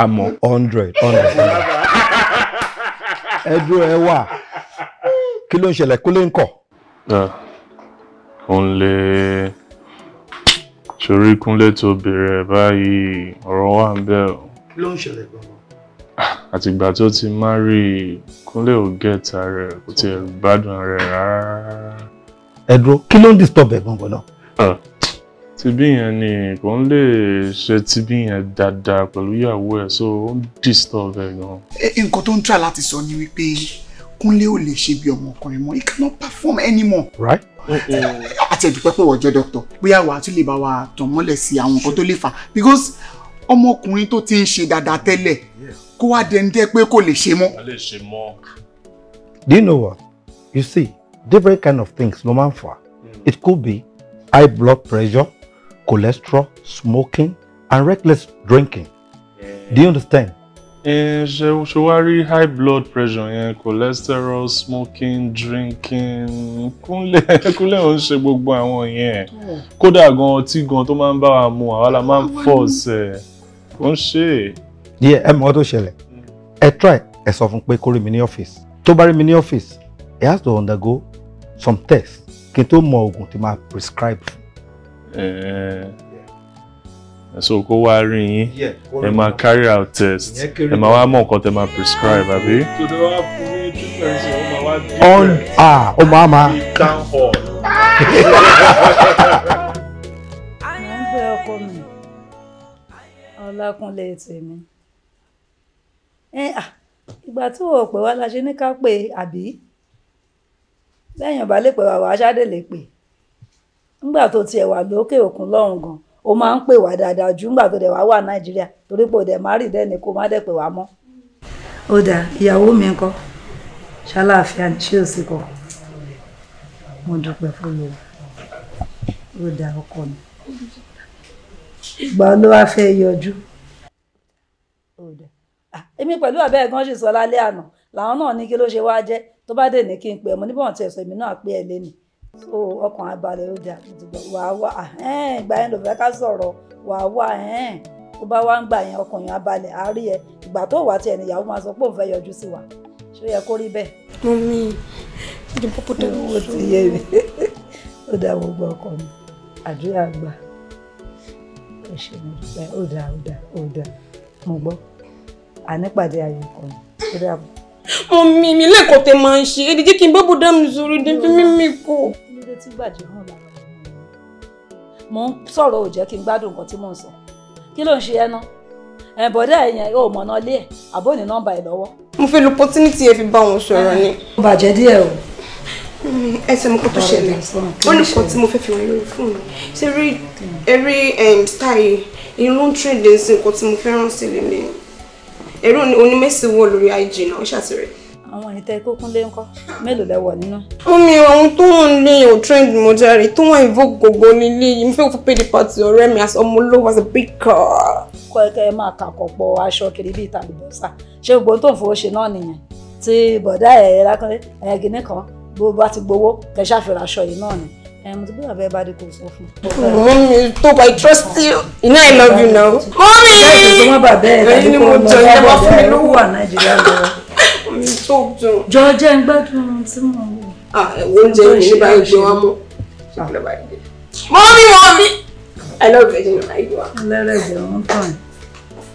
àmọ́ hundred hundred ẹjọ ẹ wà kí ló ń ṣẹlẹ̀ kó lè ń kọ̀. òun lè torí kúnlẹ̀ tó bèrè ẹ̀ báyìí ọ̀rọ̀ wà ń bẹ̀ o. kí ló ń ṣẹlẹ̀ gbọ̀ngàn. àtìgbà tó ti márì kúnlẹ̀ ò gẹ̀ẹ́ta rẹ̀ kò tiẹ̀ gbádùn rẹ̀ rárá. ẹ dúró kí ló ń disturb ẹ gbọ̀ngàn náà. Ah, tibí yẹn ni kò ń lè ṣe tibí yẹn dáadáa pẹ̀lú ìyàwó ẹ̀ so ó ń disturb ẹ gan. nǹkan tó ń try láti sọ ni wípé kúnlẹ̀ ò lè ṣe bí ọmọkùnrin mọ́ he cannot perform anymore. right àti ẹ̀dùpẹ́ pé wọ́n jẹ́ dókítọ̀ bóyá wàá tún lè bá wa tàn mọ́lẹ̀ sí àwọn nǹkan tó lè fà because ọmọkùnrin tó ti ń ṣe dáadáa tẹ́lẹ̀ kó wá dẹ́ndẹ́ pé kò lè ṣe mọ́. do you know what you see different kind of things ló máa ń fà hmm. it could be high blood pressure cholesterol smoking and reckless drinking yeah. do you understand Eh, ṣe wá rí high blood pressure yẹn cholesterol smoking drinking kúnlẹ̀ kúnlẹ̀ ò ń ṣe gbogbo àwọn yẹn oh. kódà gan ọtí gan tó máa ń bá wa mu àwa la máa ń force ẹ̀ kò ń ṣe. díẹ̀ ẹ mọ̀ ọ́ tó ṣẹlẹ̀ hmm. ẹ try ẹ sọ fún pé kó rí mi ní ọ́fíìsì tó bá rí mi ní ọ́fíìsì he has to undergo some tests kí n tó mọ oògùn tí máa prescribe fún. Eh. so kó carry out test prescribe ah, tèmi ìgbà tó o pè wá la ṣe ní ká pè àbí lè pè wá wá wà lókè ó máa ń pè wá dáadáa ju nígbà tó dẹ̀ wá wà nàìjíríà torí pé dẹ̀ mo dúpẹ́ fún mi ó dà ọkọ mi ìgbà ló wá fẹ́ yọjú. èmi pẹ̀lú ẹ̀gán sọ lálẹ́ àná làwọn náà ní kí ló ṣe wá jẹ́ tó ní kí n pè níbọn náà so ọkàn abalẹ̀ ó dà wàá wà ìgbà yẹn ló ká sọ̀rọ̀ wàá wà tó bá wá ń gbà yẹn ọkàn yẹn abalẹ̀ á rí ẹ ìgbà tó wà tiẹ̀ níyàwó máa sọ pé òun fẹ́ yọjú sí wa ṣó yẹ kó rí bẹ́ẹ̀. mo mi ìdí púpọ̀ tó ń wò sí iye mi ó dà gbogbo ọkọ mi àdúrà gbà ó ṣe mo dúpẹ́ ó dà ó dà ó dà mo gbọ́ ànípàdé ayé kan ó dà. mo mi mi lẹ́kọ̀ọ́ tẹ máa ń ṣe é díjí kí n dá mi sórí dé fi mímí kú dé tí gbàjúmọ̀ làwọn ọmọ mi. mo ń sọ̀rọ̀ ò jẹ́ kí n gbádùn nǹkan tí mò ń sọ kí ló ń ṣe ẹnu ẹ̀bọ̀dá ẹ̀yẹn ò mọ̀nà ilé ẹ̀ àbó ní nọ́mbà ẹ̀ lọ́wọ́. mo fẹ́ lu opportunity ẹ fi bá wọn sọ̀rọ̀ ni. ó bàjẹ́ díẹ̀ o. Mm, ẹ ṣe mo kó tó ṣẹlẹ̀ ó ní kan tí mo fẹ́ fi wọn lórí fún mi ṣé rí eré style irú trending sí nǹkan tí mo fẹ́ràn sí lélẹ̀ ẹ̀rọ onímẹ̀sìn wọ̀ lórí IG náà ṣàtìrẹ́ àwọn ìtẹ́ kókún lé ńkọ́ mélòó lẹ́wọ̀ nínú. mọ́mí àwọn tó ń lé o trend mo jẹ́rìí tó wọ́n invoke gbogbo nílé yìí mo fẹ́ fún pay the party ọ̀rẹ́ mi as ọmọ olówó as a big girl. kọ́ ẹ kẹ́ ẹ máa kà kọ̀pọ̀ aṣọ kiri bíi tàlùbọ́sà ṣé gbogbo tó ń fowó ṣe náà nìyẹn tí bọ̀dá ẹ̀ lákàndé ẹ̀ gíní kan bó bá ti gbowó kẹ́ ṣàfihàn aṣọ yìí náà ni mo ti gbọ́dọ̀ bẹ́ẹ̀ bá dé kò sọ fún. mọ́mí tó bá trust you you know I love you now. mọ́mí. báyìí tó má bàa bẹ́ẹ̀ dájú kó ọmọ ọlọ́wọ́ bẹ́ẹ̀ wà Nàìjíríà lọ́wọ́ tó dùn. jọ jẹ́ ń gbádùn tí mò ń wò. ah ẹ̀wọ̀n oúnjẹ yìí ní báyìí gbé wá mú. mọ́mí mọ́mí. i love virgin ọ̀la ìgbà. ẹlẹ́rẹ̀ẹ́dẹ̀ wọn kàn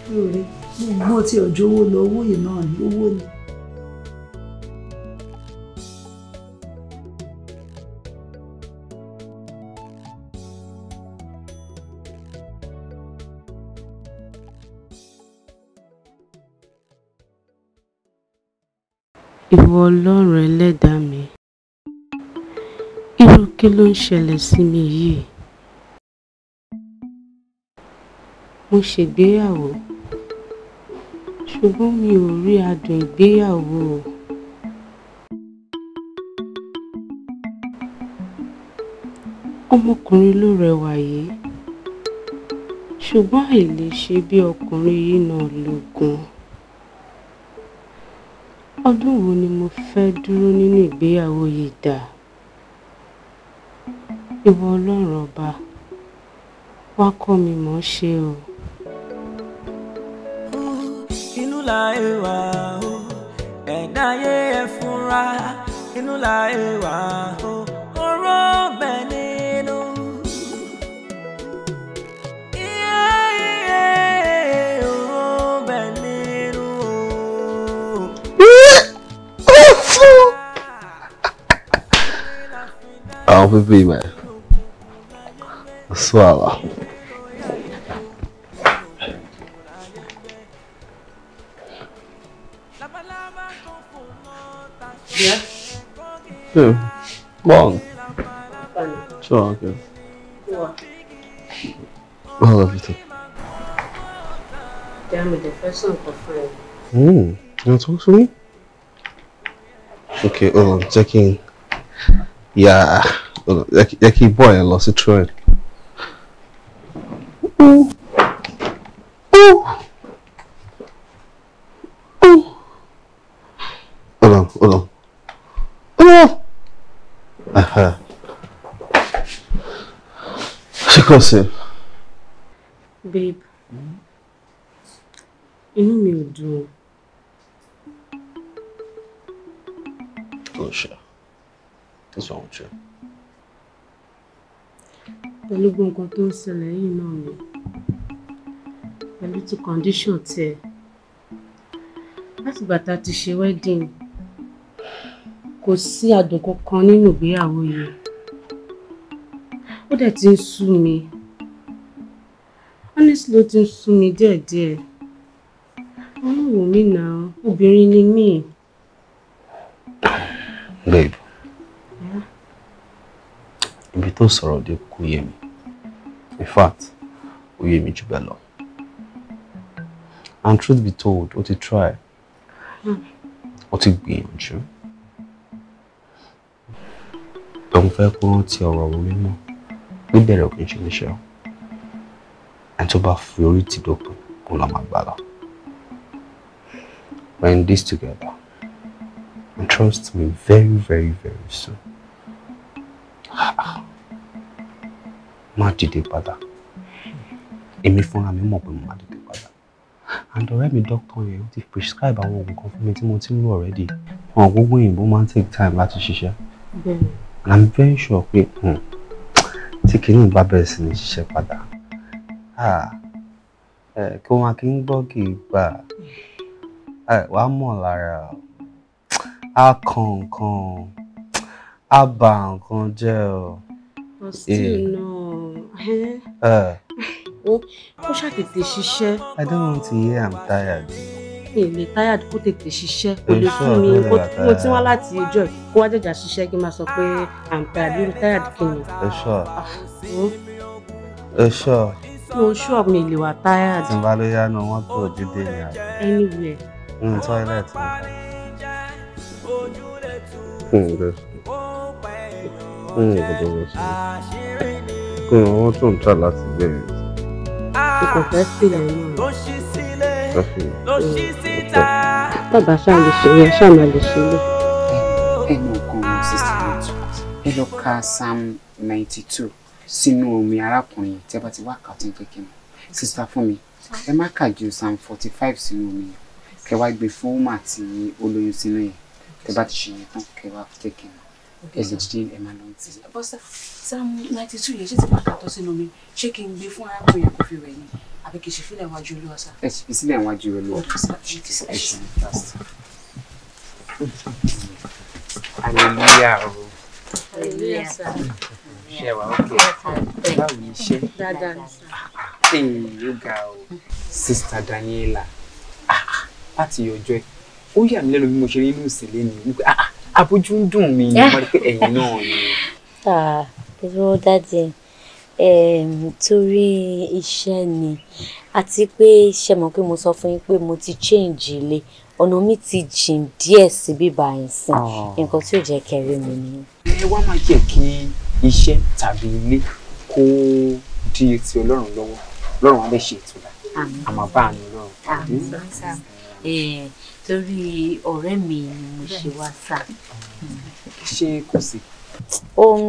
ní orí gbogbo tí ọjọ́ owó lọ owó yìí náà ní owó ni. ìwọ ọlọ́run ẹlẹ́dàá mi irú kí ló ń ṣẹlẹ̀ sí mi yìí mo ṣègbéyàwó ṣùgbọ́n mi ò rí adùn ìgbéyàwó o ọmọkùnrin ló rẹwà yìí ṣùgbọ́n àìlè ṣe bí ọkùnrin yìí náà lógun. Ọdún wo ni mo fẹ́ dúró nínú ìgbéyàwó yìí dà? Ìwọ Ọlọ́run Ọba, wá kọ́ mi mọ̀ ṣe o. Inú la ẹ wà o, ẹ̀dá ayé ẹ fúnra. Inú la ẹ o, ọ̀rọ̀ bẹ́ẹ̀ ni. Woo! LPP, man. Swallow. Yeah? Yeah. Long. Sure, okay. What? I love you too. Damn it, the person of a friend. Hmm. you wanna talk to me? okay hold on Checking. Yeah, hold on. jẹ́ kí bọ́ ẹ̀ lost sí train. hold on hold on. Aha. She calls him. Babe, You know me dùn o. Felicia. What's wrong with you? Pẹ̀lú gbogbo tó ń ṣẹlẹ̀ yìí náà ni. Pẹ̀lú ti condition tiẹ̀. Láti bàtà ti ṣe wedding, kò sí àdùn kankan nínú ìgbéyàwó yìí. Ó dẹ̀ ti ń sú mi. Honestly, ó ti ń sú mi díẹ̀díẹ̀. Ọlọ́run mi náà, obìnrin ni mí babe ibi tó sọ̀rọ̀ dé kò yé mi in fact ó yé mi jù bẹ́ẹ̀ lọ and truth be told ó ti try ó ti gbìyànjú òun fẹ́ kó rántí ọ̀rọ̀ òun mímọ́ níbẹ̀rẹ̀ òkè ṣe níṣẹ́ ẹni tó bá fi orí ti dópin òun lọ́ọ́ máa gbà lọ when this together. And trust me, very, very, very soon. Má dìde padà. Èmi fúnra mi mọ̀ pé mo má dìde And ọ̀rẹ́ mi doctor, yẹn ó ti prescribe àwọn oògùn kan mi tí mo ti already. Àwọn gbogbo òyìnbó máa take time láti ṣiṣẹ́. And I'm very sure pé hmm, tí kìíní bá bẹ̀rẹ̀ sí ní ṣiṣẹ́ padà. Ah, eh, kí wọ́n máa kí ń gbọ́ kì í gbà. Eh, wàá mọ̀ lára o a kàn nǹkan a bà nǹkan jẹ́ o. still eh. no eh? Eh. ó kó ṣàtètè ṣiṣẹ́. I don't want to hear I'm tired. èmi tired kó tètè ṣiṣẹ́ kò lè fún mi mo ti wá láti ìjọ kó wá jẹjà ṣiṣẹ́ kí n máa sọ pé I'm tired lórí tired kí ni. ẹ ṣọ ẹ ṣọ mo ṣọ́ mi lè wà tired. tí n bá ló yá nu wọn tó jíde ní àná. anywhere. n hmm, toilet nǹkan kún rẹ kún ọ̀dọ̀ rẹ sí kún ọwọ́ tó ń tà láti bẹ̀rẹ̀. kò fẹ́ sílẹ̀ náà bàbá ka psalm ninety two sínú omi arákùnrin tí a bá ti wá kà tó ń jẹ́ kí n mọ̀ sísá fún mi ju sam forty five sínú omi yẹn kẹ wá gbé fún wúmà tí olóyún sínú ẹ bá ti ṣe yẹn tán kẹ wá fún tẹkẹ ẹ lè jíjẹ ẹ máa lọ ninety two yẹn ṣé ti máa kàtọ́ sínú mi ṣé kí n gbé fún arákùnrin yẹn kó fi rẹ̀ ni àbí kì í ṣe fílẹ̀ wájú olúwa sá. ẹ ṣe fi wájú olúwa ẹ ṣe ní fast. aleluya o. aleluya sá. ṣe wà ókè báwo ni iṣẹ́. dáadáa ni sá. ẹ̀yin yóò ga o sista Daniela láti ọjọ́ ẹ̀ ó yà mí lẹ́nu bí mo ṣe rí inú ìsìnlẹ̀ ni wípé ah, ah, abojú ń dùn mí mo rí pé ẹ̀yin náà ni. irú ah, dáadé torí iṣẹ́ ni àti pé ṣe mọ̀ pé mo sọ fún yín pé mo ti change ilé ọ̀nà mi ti jìn díẹ̀ sí bíbá ẹ̀sìn nǹkan tí ò jẹ́ kẹrin mi ni. ẹ wá máa jẹ́ kí iṣẹ́ tàbí ilé kó di ti ọlọ́run lọ́wọ́ lọ́run á lè ṣe ìtura àmọ́ bá a ní lọ́run torí ọ̀rẹ́ mi ni mo ṣe wá sá. ṣé kò sí. ó ń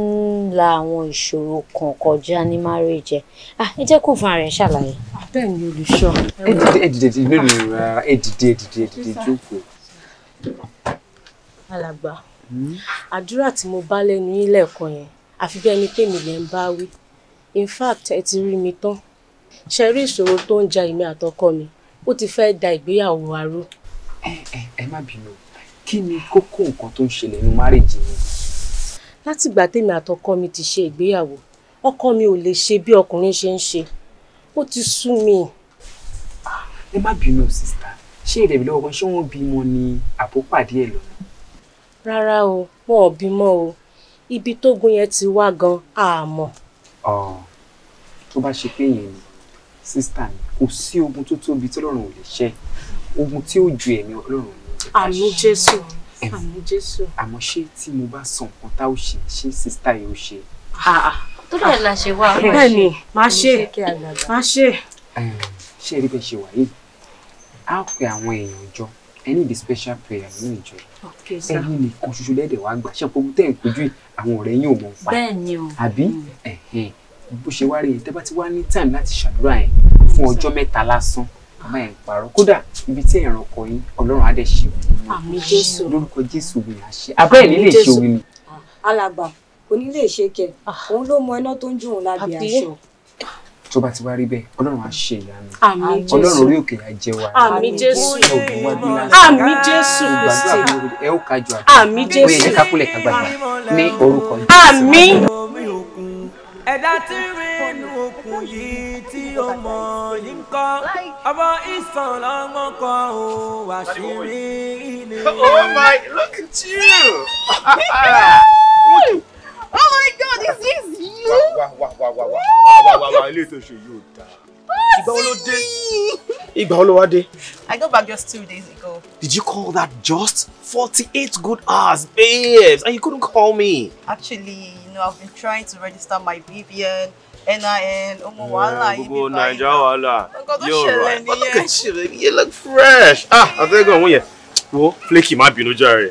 la àwọn ìṣòro kan kọjá ní márèjẹ ah, ẹ jẹ́ kó fún ara ṣàlàyé. bẹ́ẹ̀ ni olùṣọ́. ẹ dìde ẹ dìde lónìí rárá ẹ dìde ẹ dìde ẹ dìde jókòó. alàgbà hmm? àdúrà tí mo bá lẹ́nu yín lẹ́ẹ̀kan yẹn àfi bí ẹni pé mi lè ń bá wí in fact ẹ ti rí mi tán ṣe rí ìṣòro tó ń ja èmi àtọkọ mi ó ti fẹ́ da ìgbéyàwó wa rú ẹ ẹ ẹ má bínú kí ni kókó nǹkan tó ń ṣẹlẹ̀ nínú márèjì yìí. látìgbà tèmi àtọkọ mi ti ṣe ìgbéyàwó ọkọ mi ò lè ṣe bí ọkùnrin ṣe ń ṣe ó ti sú mi. ẹ má bínú sísá ṣé ìrẹ̀bí lọ́wọ́ kan ṣé wọ́n bímọ ni àbópàdé ẹ̀ lọ́nà. rárá o wọn ò bímọ o ibi tógun yẹn ti wá gan àmọ́. tó bá ṣe pé yẹn ni sísá mi kò sí ogun tó tóbi tí Ọlọ́run ò lè ṣe ogun tí ó ju ẹ̀mí ọlọ́run àmì jésù àmì jésù. àmọ́ ṣé tí mo bá sọ nǹkan tá ò ṣe ṣé sísítà yóò ṣe. tó bẹ́ẹ̀ la ṣe wá. bẹ́ẹ̀ ni máa ṣe máa ṣe. ṣé rí bẹ́ẹ̀ ṣe wà yìí a pe àwọn èèyàn jọ ẹni the special prayer nínú ìjọ ẹni nìkan ṣoṣo lẹ́dẹ̀ wá gbà ṣe pọ́n tẹ̀ ń kojú àwọn ọ̀rẹ́ yín ò mọ̀ pa àbí mm. bó ṣe wá rí yẹn tẹ́ bá ti wá ní time láti ṣàdúrà yẹn fún ọjọ́ mẹ́ta lásán àmọ́ ẹ̀ ń parọ́ kódà ibi tí ẹ̀ràn kọ yín ọlọ́run adé ṣe àmì jésù lórúkọ jésù bí a ṣe abẹ́ ẹ̀ nílé ìṣe omi ni. alàgbà onílé ìṣe kẹ ah. òun ló mọ iná tó ń jùun lábẹ́ aṣọ. tó bá ti wá rí bẹ́ẹ̀ ọlọ́run á ṣe ìyanu ọlọ́run orí òkè á jẹ wa àmì jésù àmì jésù ẹ ó kájọ àbí àmì jésù bóyá ẹ jẹ́ ká kúlẹ̀ ká gbàgbà ní orúkọ jésù. àmì ẹ̀dá tí rí òkùnkùn yìí tí ó mọ̀ yìí kọ́ ọmọ ìsàn lọ́mọ kan ò wà ṣírí ni. Oh my, look at you! oh my God, is this you? wà wà wà wà wà wà wà wà ilé ìtòsí yóò dáa. Oh, Ìgbà wo ló dé? Ìgbà wo ló wá dé? I got back just two days ago. Did you call that just? forty-eight good hours, babes, and you couldn't call me. Actually, you know, I've been trying to register my BBN NIN, ọmọ wàhálà Gbogbo Naija wàhálà yóò rà. Ọkọ̀ tó ṣẹlẹ̀ nìyẹn look fresh. Ah, àtẹ́gàn òun yẹn. Wo Flaky má bínú jàre.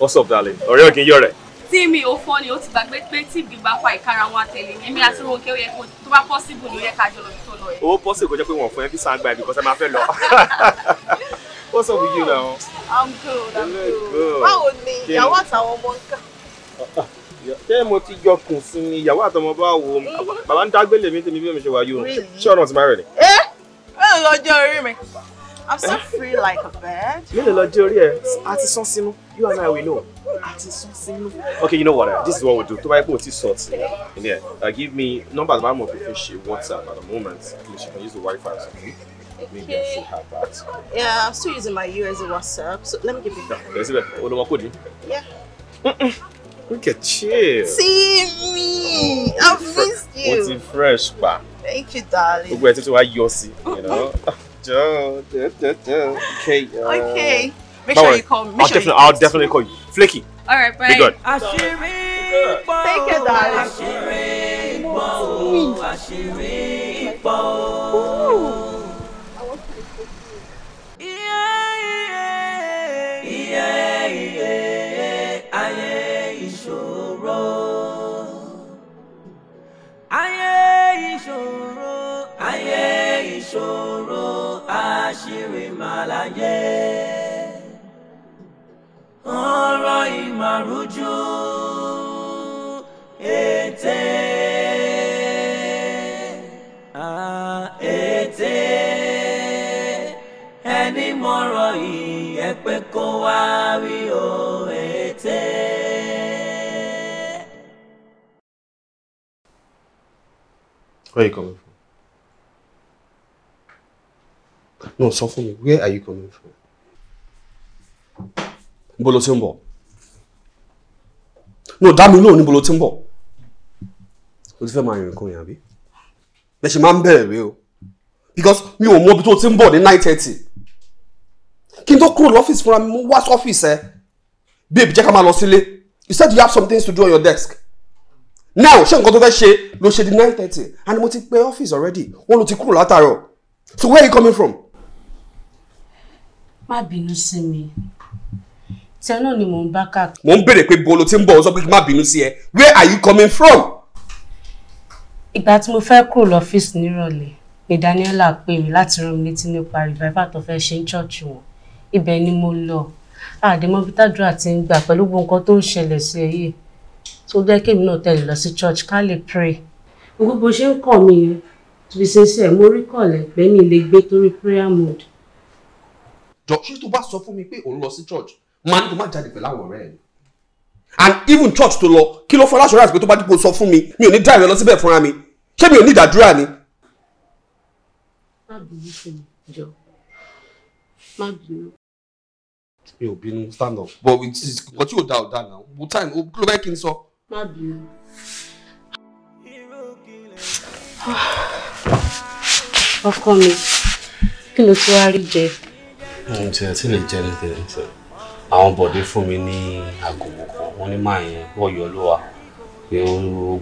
What's up darling? Ọ̀rẹ́ òkè yọ̀ rẹ̀. Tí mi ò fọ́ ni ó ti gbàgbé pé tí ìbí bá fa ìkara wọn àtẹ̀lé èmi àti Ronke ó yẹ kó tó bá possible ló yẹ ká jọ lọ sí tó lọ Owó possible kò jẹ́ pé wọ́n fún ẹ bí sàn gba ẹ̀ because ẹ máa fẹ́ lọ. What's up with you now? I'm good, I'm good. Báwo ni ìyàwó àtàwọn ọmọ ń kà? Uh, uh ṣé mo ti jọ kùn sí ni ìyàwó àtọmọ bá wo bàbá ń dágbélé mi tèmi bí mo ṣe wà yìí o ṣé ọ̀nà ti máa rẹ̀ ni. ẹ ẹ lọ́jọ́ orí mi i'm so free like a bird. mélòó lọ́jọ́ orí ẹ a ti sán sínú you and i we know a ti sán sínú. okay you know what this is what we do tó bá yẹ pé o ti sọ ọtí ní ẹ give me number tí bá mọ̀ pé fún ṣe whatsapp at the moment she can use the wifi or something. Maybe I have that. Yeah, I'm still using my US WhatsApp, so let me give you that. Yeah. Mm -mm. Look at you. See me. i missed you. What's in fresh, pa? Thank you, darling. We're talking about Yossi, you know. okay. Uh, okay. Make sure you call me. I'll, sure definitely, I'll definitely call you. Flaky. All right, bye. Be good. Àṣírí Thank you, darling. Àṣírí pọ̀. Àṣírí pọ̀. ìṣòro. ayé ìṣòro àṣírí màláyé. ọ̀rọ̀ ìmàrújú ètè. ètè ẹni mọ̀rọ̀ yìí ẹ pé kó wá rí o. Where are you coming from? No, sọ fún mi, where are you coming from? Níbo lo ti ń bọ̀? No, dá mi What if lo ti ń bọ̀? That's ti fẹ́ máa Because mi ò mọ ibi tó ti ń bọ̀ ní nine thirty. Kí n office kúrò lọ́fíìsì fúnra mi, mo Babe, jẹ́ ká máa lọ You said you have some things to do on your desk now ṣé nǹkan tó fẹ́ ṣe ló ṣe di nine thirty and mo ti pe office already wọn ló ti kúrò látàárọ̀ so where are you coming from. má bínú sí mi tẹ náà ni mò ń bá káàkiri. mò ń béèrè pé bo ló ti ń bọ̀ ọ sọ pé kí n má bínú sí ẹ where are you coming from. ìgbà tí mo fẹ́ kúrò lọ́fíìsì nírọ̀lẹ́ ni Daniela pè mí láti rán mi létí nípa revival tó fẹ́ ṣe ń ṣọ́ọ̀ṣì wọn ibẹ̀ ni mo lọ àdèmọ́bítàdúrà ti ń gbà pẹ̀lú gbogbo nǹkan tó ń ṣẹlẹ̀ sí ẹ yìí tó jẹ́ kémi náà tẹ̀lé lọ sí church ká lè pray. gbogbo bó ṣe ń kọ̀ mí yẹn to be sincere mo rí kọ̀lẹ̀ pé mi lè gbé torí prayer mood. jọ ṣé tó bá sọ fún mi pé òun lọ sí church máa ní kó má jáde pẹ̀lú àwọn ọ̀rẹ́ and even church tó lọ kí ló fọlá assurance pé tó bá dípò sọ fún mi mi ò ní drive lọ síbẹ̀ fúnra mi ṣé mi ò ní ìdádúrà ni. má bínú fún mi jọ má bínú mi ò bínú stand up. but it is nǹkan tí ò da ò da náà mo time kí ló fẹ́ kí n sọ. má bínú. ọkọ mi kí ló tún wá rí jẹ. ohun tí ẹ ti lè jẹ ní tẹ̀lé tẹ̀lé àwọn bọ̀dé fún mi ní àgòwò kan wọ́n ní máa yẹn wọ́n yọ ló wà pé ó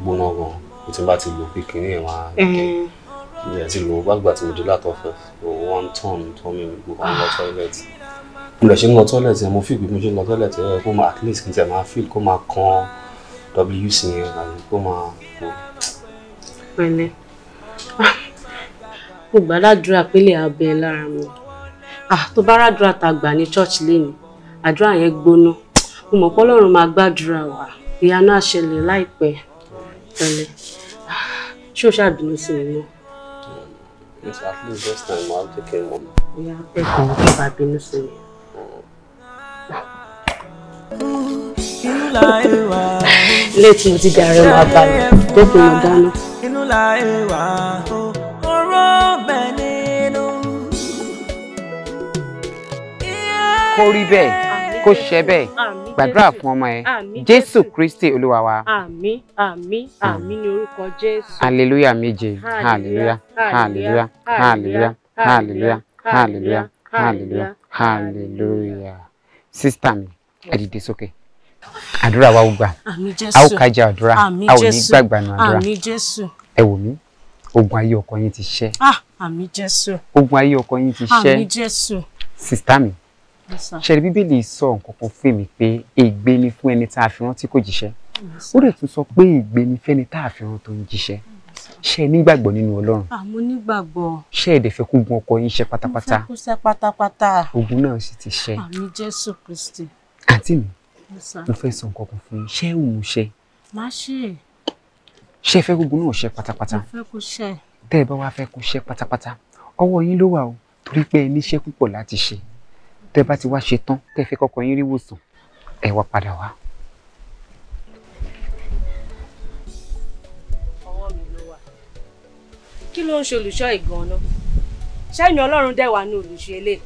gbóná gan o ti bá ti lo pé kínní ẹ̀ máa kẹ́ ẹ̀ mm. ti lo gbàgbà tí mo dé látọ̀ fẹ́ o one turn turn mi gbogbo àwọn lọ toilet mo lè ṣe ń lọ tọ́lẹ̀tì mo fi ìgbé mo ṣe ń lọ tọ́lẹ̀tì ẹ kó máa at least kí n tẹ̀ máa feel kó máa kan wc yẹn àbí kó máa kó. pẹ̀lẹ́ mo gbàdúrà pélé abẹ lára mi ah, tó bá ràdúrà tá a gbà ní church lénìí àdúrà yẹn gbóná mo mọ̀ pé Ọlọ́run máa gbàdúrà wa ìyanu àṣẹlẹ̀ láìpẹ́ pẹ̀lẹ́ ah, ṣé o ṣàbínú sí mi náà. Yes, at least this time I'll take care of mom. Yeah, I'll take care of Babinu soon ilé tí mo ti dàrẹ́ wà balẹ̀ tó fi mọ̀ dáná. inú la ẹ wà ọ̀rọ̀ bẹ̀ nínú. kó rí bẹ́ẹ̀ kó ṣe bẹ́ẹ̀ gbàdúrà fún ọmọ ẹ jésù kristi olúwa wa. àmín àmín àmín orúkọ jésù. hallelujah méje hallelujah hallelujah hallelujah hallelujah hallelujah hallelujah sista mi ẹ dìde sókè àdúrà wa ó gbà a ó kájà àdúrà a ò ní gbàgbà nù àdúrà ẹ wò mí ogun ayé ọkọ yín ti ṣẹ ah, ogun ayé ọkọ yín ti ṣẹ sista mi ṣẹlẹ bíbélì sọ nǹkan kan fún mi pé ègbé ni fún ẹni tá a fi rán tí kò jíṣẹ́ ó dẹ̀ tún sọ pé ègbé ni fẹ́ni tá a fi rán tó ń jíṣẹ́ ṣe nígbàgbọ́ nínú Ọlọ́run. àmọ́ ah, nígbàgbọ́. ṣe ẹ̀dẹ̀ fẹ́ kógun ọkọ yín ṣe pátápátá. mo fẹ́ kó pátápátá. ogun náà sì ti ṣe. àmì Jésù Kristi àǹtí mi mo fẹ́ sọ nǹkan kan fún yín ṣé òun ṣe. má ṣe. ṣé ẹ fẹ́ gbogbo náà ṣe pátápátá. mo fẹ́ kó ṣe. tẹ́ ẹ bá wá fẹ́ kó ṣe pátápátá ọwọ́ yín ló wà o torí pé ẹ níṣẹ́ púpọ̀ láti ṣe tẹ́ ẹ bá ti wá ṣe tán tẹ́ ẹ fẹ́ kọ́kọ́ yín rí wòsàn ẹ wá padà wá. ọwọ́ mi ló wà kí ló ń ṣe olùṣọ́ ìgan náà ṣẹ́yìn ọlọ́run dẹ̀ wà ní olùṣọ́ eléyìí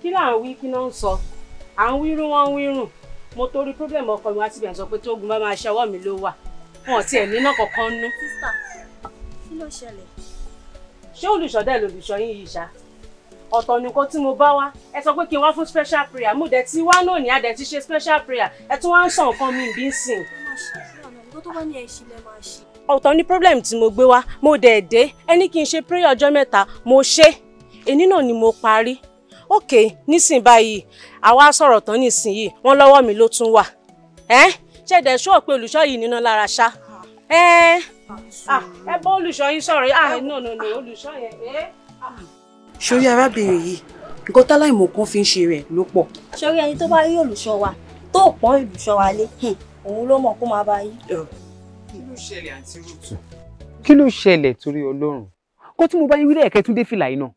kí láà ń wí kí náà ń sọ à ń wírún wọn ń wírùn mo torí problem ọkọ mi wá síbi àti sọ pé tóògùn bá máa ṣe ọwọ́ mi ló wà wọn ò tiẹ̀ níná kankan nú. sísà kí ló ṣẹlẹ̀. ṣé olùṣọ́dẹ̀ lolùṣọ́ yín yìí ṣá ọ̀tọ̀ nìkan tí mo bá wá ẹ sọ pé kí n wá fún special prayer mo dẹ̀ ti wá náà ní adẹ̀ ti ṣe special prayer ẹ tún wá ń sọ nǹkan mi bí ń sìn. ọ̀tọ̀ ni problem tí mo gbé wá mo dẹ̀ dé ẹ ní kí n ṣe prayer ọjọ́ mẹ́ta mo ṣe èní náà ni mo parí àwa sọ̀rọ̀ tán nísìnyí wọ́n lọ́wọ́ mi ló tún wà ṣe dẹ̀ ṣó pé olùṣọ́ yìí níná lára ṣá ẹ bọ́ olùṣọ́ yín sọ̀rọ̀ yìí no no no olùṣọ́ yẹn. sórí arábìnrin yìí nǹkan táláìmọ̀ kan fi ń ṣe rẹ̀ ló pọ̀. sórí ẹni tó bá rí olùṣọ́ wa tó pọ́n olùṣọ́ wa lé òun ló mọ̀ kó máa bá yí. kí ló ṣẹlẹ̀ àǹtí rútù. kí ló ṣẹlẹ̀ torí ọlọ́run kó tí mo bá yín wílẹ̀ ẹ̀kẹ́ tún dé fìlà yìí náà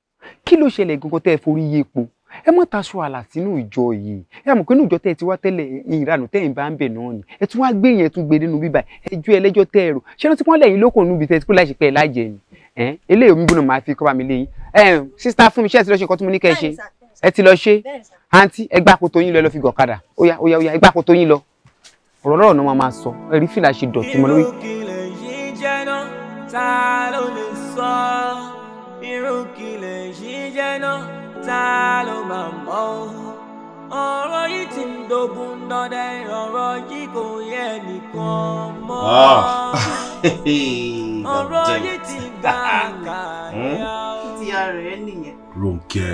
kí ló ṣẹlẹ̀ gangan tẹ́ ẹ forí yé epo ẹ mọ̀ taṣọ àlà sínú ìjọ yìí ẹ mọ̀ pé inú ìjọ tẹ́ ẹ ti wá tẹ́lẹ̀ ìranù tẹ́ ẹ bá ń bẹ̀ náà ni ẹ tún wá gbé yẹn tún gbé nínú bíbá ẹjọ́ ẹlẹ́jọ́ tẹ́ ẹ rò ṣé ló ti pọ́n lẹ́yìn lóko níbi tẹ́ ẹ ti kú láì ṣe pé ẹ lájẹ ni ẹ eléyìí omi gbóná máa fi kọ́ bá mi léyìn ẹ sísá fún mi ṣé ẹ ti lọ ṣe nǹkan tí mo ní kẹ́ ẹ ṣe ẹ ti lọ ṣe àǹtí ẹ gbá koto yín lọ ẹ lọ fi gọ̀kadà óyá óyá óyá ẹ gbá koto yín lọ ọ̀rọ̀ lọ́rọ̀ náà máa sọ ẹ rí fìlà ṣe dọ̀tí mọ́ lórí. irú kìlẹ̀ yìí jẹ́ náà ta ló máa mọ̀ ọ́ ọ̀rọ̀ yìí ti ń dogun dọ́dẹ ọ̀rọ̀ yìí kò yẹ nìkan mọ́ ah. ọ̀rọ̀ yìí ti gbà kàyà ó. ti ara ẹ nìyẹn. Ronke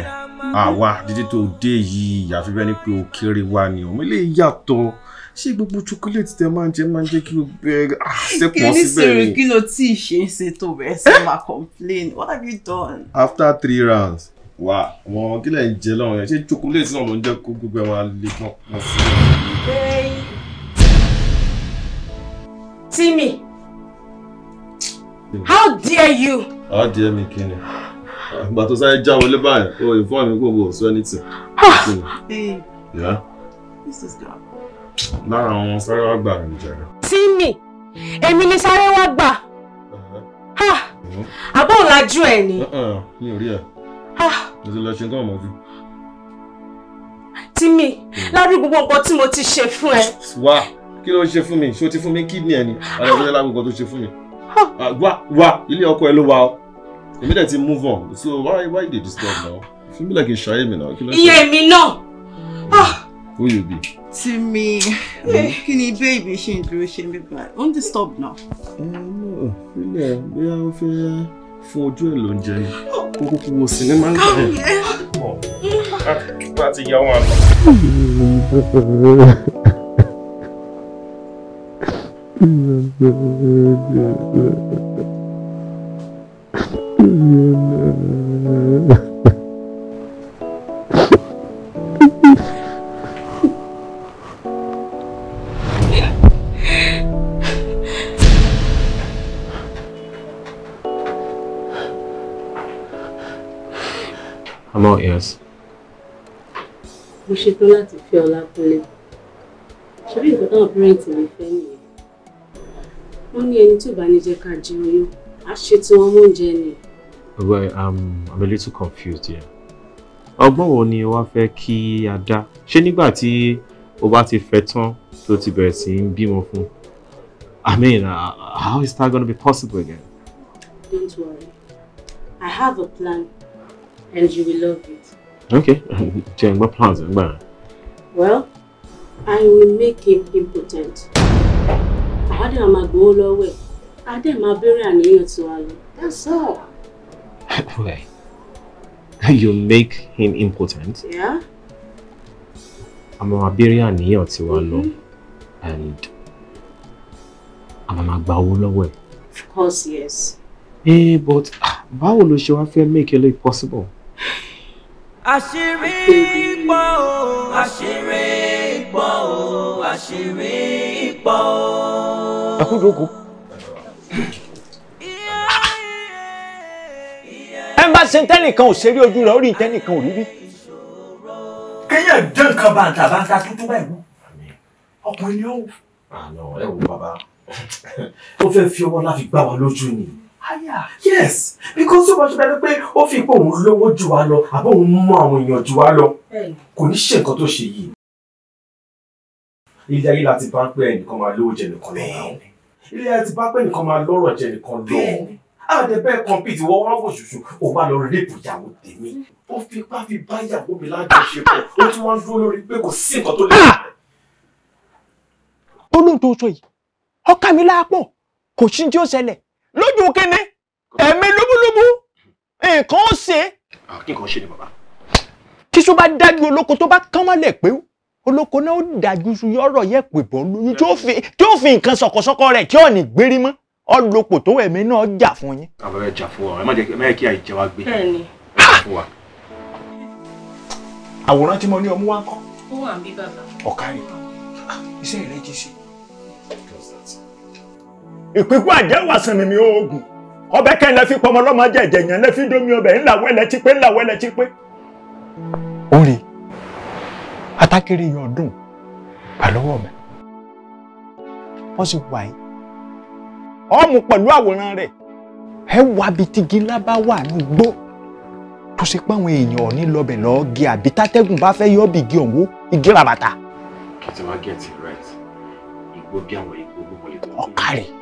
àwa dídí tó dé yìí ìyàfi bẹ́ẹ̀ ni pé o kéré wa ni ọmọ ilé yàtọ̀ ṣé gbogbo chocolate tẹ máa ń jẹ máa ń jẹ kí o bẹ̀rẹ̀ ah, àṣepọ̀ síbẹ̀ ni. kí ni sèrè kí ló tí ì ṣe é ṣe tó bẹ̀rẹ̀ sí máa complain what have you done. after three rounds wà wọn kí ń jẹ lọ́wọ́ yẹn ṣé chocolate náà ló ń jẹ́ kó gbogbo ẹ̀ máa le pọ́n pọ́n sí i. Timi how dare you. how dare me kí ni ìgbà tó sáré já wọlé báyìí o ìfọ́n mi kò bò sọ ẹni tì. Ah! Eh. lára àwọn sáré wá gbà mí jẹrẹ. Timi èmi ni sáré wá gbà uh-huh. mm-hmm. àbọ̀ ọ̀làjú ẹ̀ ni. Uh-uh, mi ò rí ẹ̀ mo ti lọ ṣe nǹkan ọmọ fún. timi hmm. lárí gbogbo nǹkan tí mo ti ṣe fún ẹ. wá kí ló ń ṣe fún mi ṣé o ti fún mi kídìní ẹ ni àlọ́ ìṣẹ́lẹ̀ ah. lágbo nǹkan tó ṣe fún mi. Ah, wá wá ilé ọkọ ẹ ló wà o èmi dẹ̀ ti move on so why why you dey disturb now fún mi lẹ́kìn ṣayé mi náà kí ló ń ṣe. iye mi náà. Ah. who you be. timi hmm? eh, kí ni bẹ́ẹ̀bì ṣì ń dúró ṣe mi báyìí ó ń disturb náà. Eh, ẹ ẹ náà ilé fẹ́ fún ojú ẹ̀ ló ń jẹ oh. kó kúkú wo sinimá ń gbà ah, bá ti yá wọn lọ. Mm-hmm. yes. mo well um, i'm a little confused here. ọgbọ́n wo ni wàá fẹ́ kí a dá ṣé nígbà o bá ti fẹ́ tán tó ti bẹ̀rẹ̀ sí í bímọ fún i mean uh, how is that going to be possible again. don't worry i have a plan and you will love it. Okay, Jane, what plans are Well, I will make him impotent. Àdé máa máa gbowó lọ́wọ́ ẹ̀, àdé That's all. Wait, you make him impotent? Yeah. Àmọ́ máa béèrè àníyàn tí wàá mm-hmm. and àmọ́ máa gba owó Of course, yes. Eh, hey, but ah, báwo ló ṣe wá fẹ́ make eléyìí possible? àṣírí pọ̀ o àṣírí pọ̀ o àṣírí pọ̀ o. àkúndókò. ẹ bá ṣe tẹ́nìkan ò ṣeré ojú rẹ̀ ó rí tẹ́nìkan ò rí rí. kéèyàn dé nǹkan bàǹtà bàǹtà tuntun báyìí wò ọkùnrin ni ó. àná ẹ wo bàbá ó fẹ́ fi ọwọ́ láfi gbá wa lójú ni. Aya. Yes, because so much better dájú pé ó fi ipò òun lówó jù wá lọ àbí òun mọ àwọn èèyàn jù wá lọ. Kò ní ṣe nǹkan tó ṣe yìí. Ilé ayé láti bá ń pẹ́ ẹnìkan máa lówó jẹ nìkan lọ. Ilé ayé láti bá ń pẹ́ ẹnìkan máa lọ́rọ̀ jẹ nìkan lọ. Àdẹ bẹ́ẹ̀ compete wọ́n wá wò ṣùṣù, ó bá lọ rẹ́pù ìyàwó tèmi. Ó fipá fi bá ìyàwó mi lájọṣepọ̀, ó tún wá ń dúró lórí pé kò sí nǹkan tó lè. Ah! Olóhùn tó sọ yìí, ọkà mi láàpọ̀, kò sí ní tí ó ṣẹlẹ̀ lóbúlóbú kíni ẹ̀mí lóbúlóbú nǹkan ó ṣe. kí nǹkan ṣe ni bàbá. tíṣu bá dájú olóko tó bá kán mọ́lẹ̀ pé olóko náà ó dájú yọ̀rọ̀ yẹ pè bọ́ lóyún tí ó fi nǹkan sọ̀kọ̀sọ̀kọ̀ rẹ̀ tí ò ní gbérí mọ́ ọlọ́pọ̀ tó ẹ̀mí náà jà fún yín. àbẹ̀rẹ̀ jà fún wa ẹ má jẹ́ kí àìjẹ́ wa gbé. bẹ́ẹ̀ni. àwòrán tí mo ní ọmú wa ń ó wà ń bí bàbá. ọ̀kárì ah, ìpínkù àjẹwà sinmi oògùn ọbẹ̀ kẹ́hìn lẹ́fi pọmọ lọ́mọ jẹ́ yẹn lẹ́fi domi ọbẹ̀ ńláwọ́ ẹlẹ́ ti pé ńláwọ́ ẹlẹ́ ti pé. orí atákiri yọ ọdún gbà lọ́wọ́ mi wọ́n sì wà yìí ọmọ pẹ̀lú àwòrán rẹ̀ ẹ bi tígi lábá wà ní gbó tó ṣe pé àwọn èèyàn ní lọ́ọ́ gé àbí tátẹ́gùn bá fẹ́ igi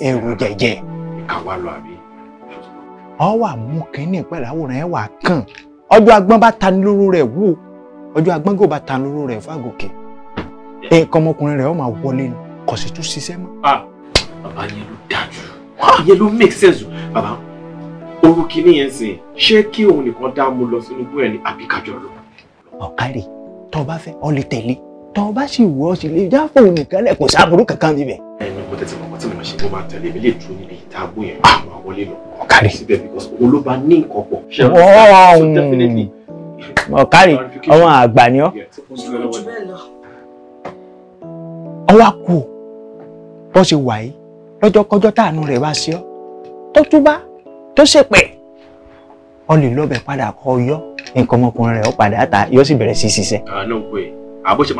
ẹrù jẹjẹ. àwa lọ àbí. ọ wà mú kínní pẹ̀lú àwòrán ẹ̀ wà kàn ọjọ́ agbọ́n bá ta ní lóró rẹ̀ wò ọjọ́ agbọ́n kò bá ta ní lóró rẹ̀ fàgòkè nǹkan ọmọkùnrin rẹ̀ ọ máa wọlé ni kò sì tún ṣiṣẹ́ mọ́. Ah, bàbá yẹn ló dájú yẹn ló make sense bàbá orú kínní yẹn sìn ṣé kí òun nìkan dá mú lọ sínú gbọ́ ẹ̀ ní àbíkájọ lọ. ọ̀kárì tó o bá fẹ́ ọ lè tẹ̀lé tó o bá sì wọ́ ọ sì lè jáfọ́ òun nìkan lẹ̀ kò sáà burú kó tẹ̀sí mọ̀ tí mo ṣe mo máa tẹ̀lé mi lè dúró níbi ìtàgbó yẹn máa wọlé lọ. ọ̀kárì síbẹ̀ because òun ló bá ní nǹkan pọ̀. ọ̀kárì ọmọ àgbà ni ọ́. ọwọ́ kù bó ṣe wà yìí lọ́jọ́kọ́jọ́ táànú rẹ̀ wá sí ọ́ tó túbá tó ṣèpẹ̀ ọ lè lọ́bẹ̀ padà kọ́ yọ nǹkan ọmọkùnrin rẹ̀ ó padà ta yóò sì bẹ̀rẹ̀ sí ṣiṣẹ́. àánú ah, pé àbọ̀ṣe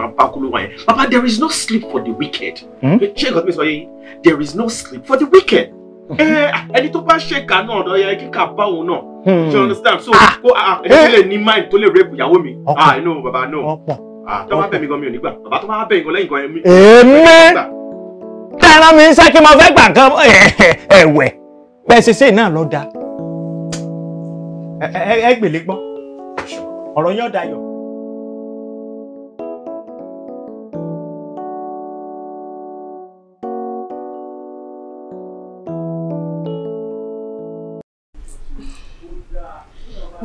there is no sleep for the wicked ṣé nǹkan tó ń there is no sleep for the wicked hmm. eh, ah, ẹni tó bá ṣèkà náà ọ̀dọ̀ yẹ kíkà bá òun náà hmm. You understand so ah! kó ah, ẹni tó eh! lè ní mind tó lè rape ìyàwó mi ah no baba no tó bá bẹ̀ mí gan mi ò ní gbà baba tó bá bẹ̀ yín gan lẹ́yìn gan mi ò ní gbà. tẹ́lá mi ń ṣe kí n máa fẹ́ gbà kan eh, ẹ̀wẹ̀ bẹ́ẹ̀ ṣe ṣe náà ló dáa ẹ gbèlè gbọ́ ọ̀rọ̀ yóò dayọ̀.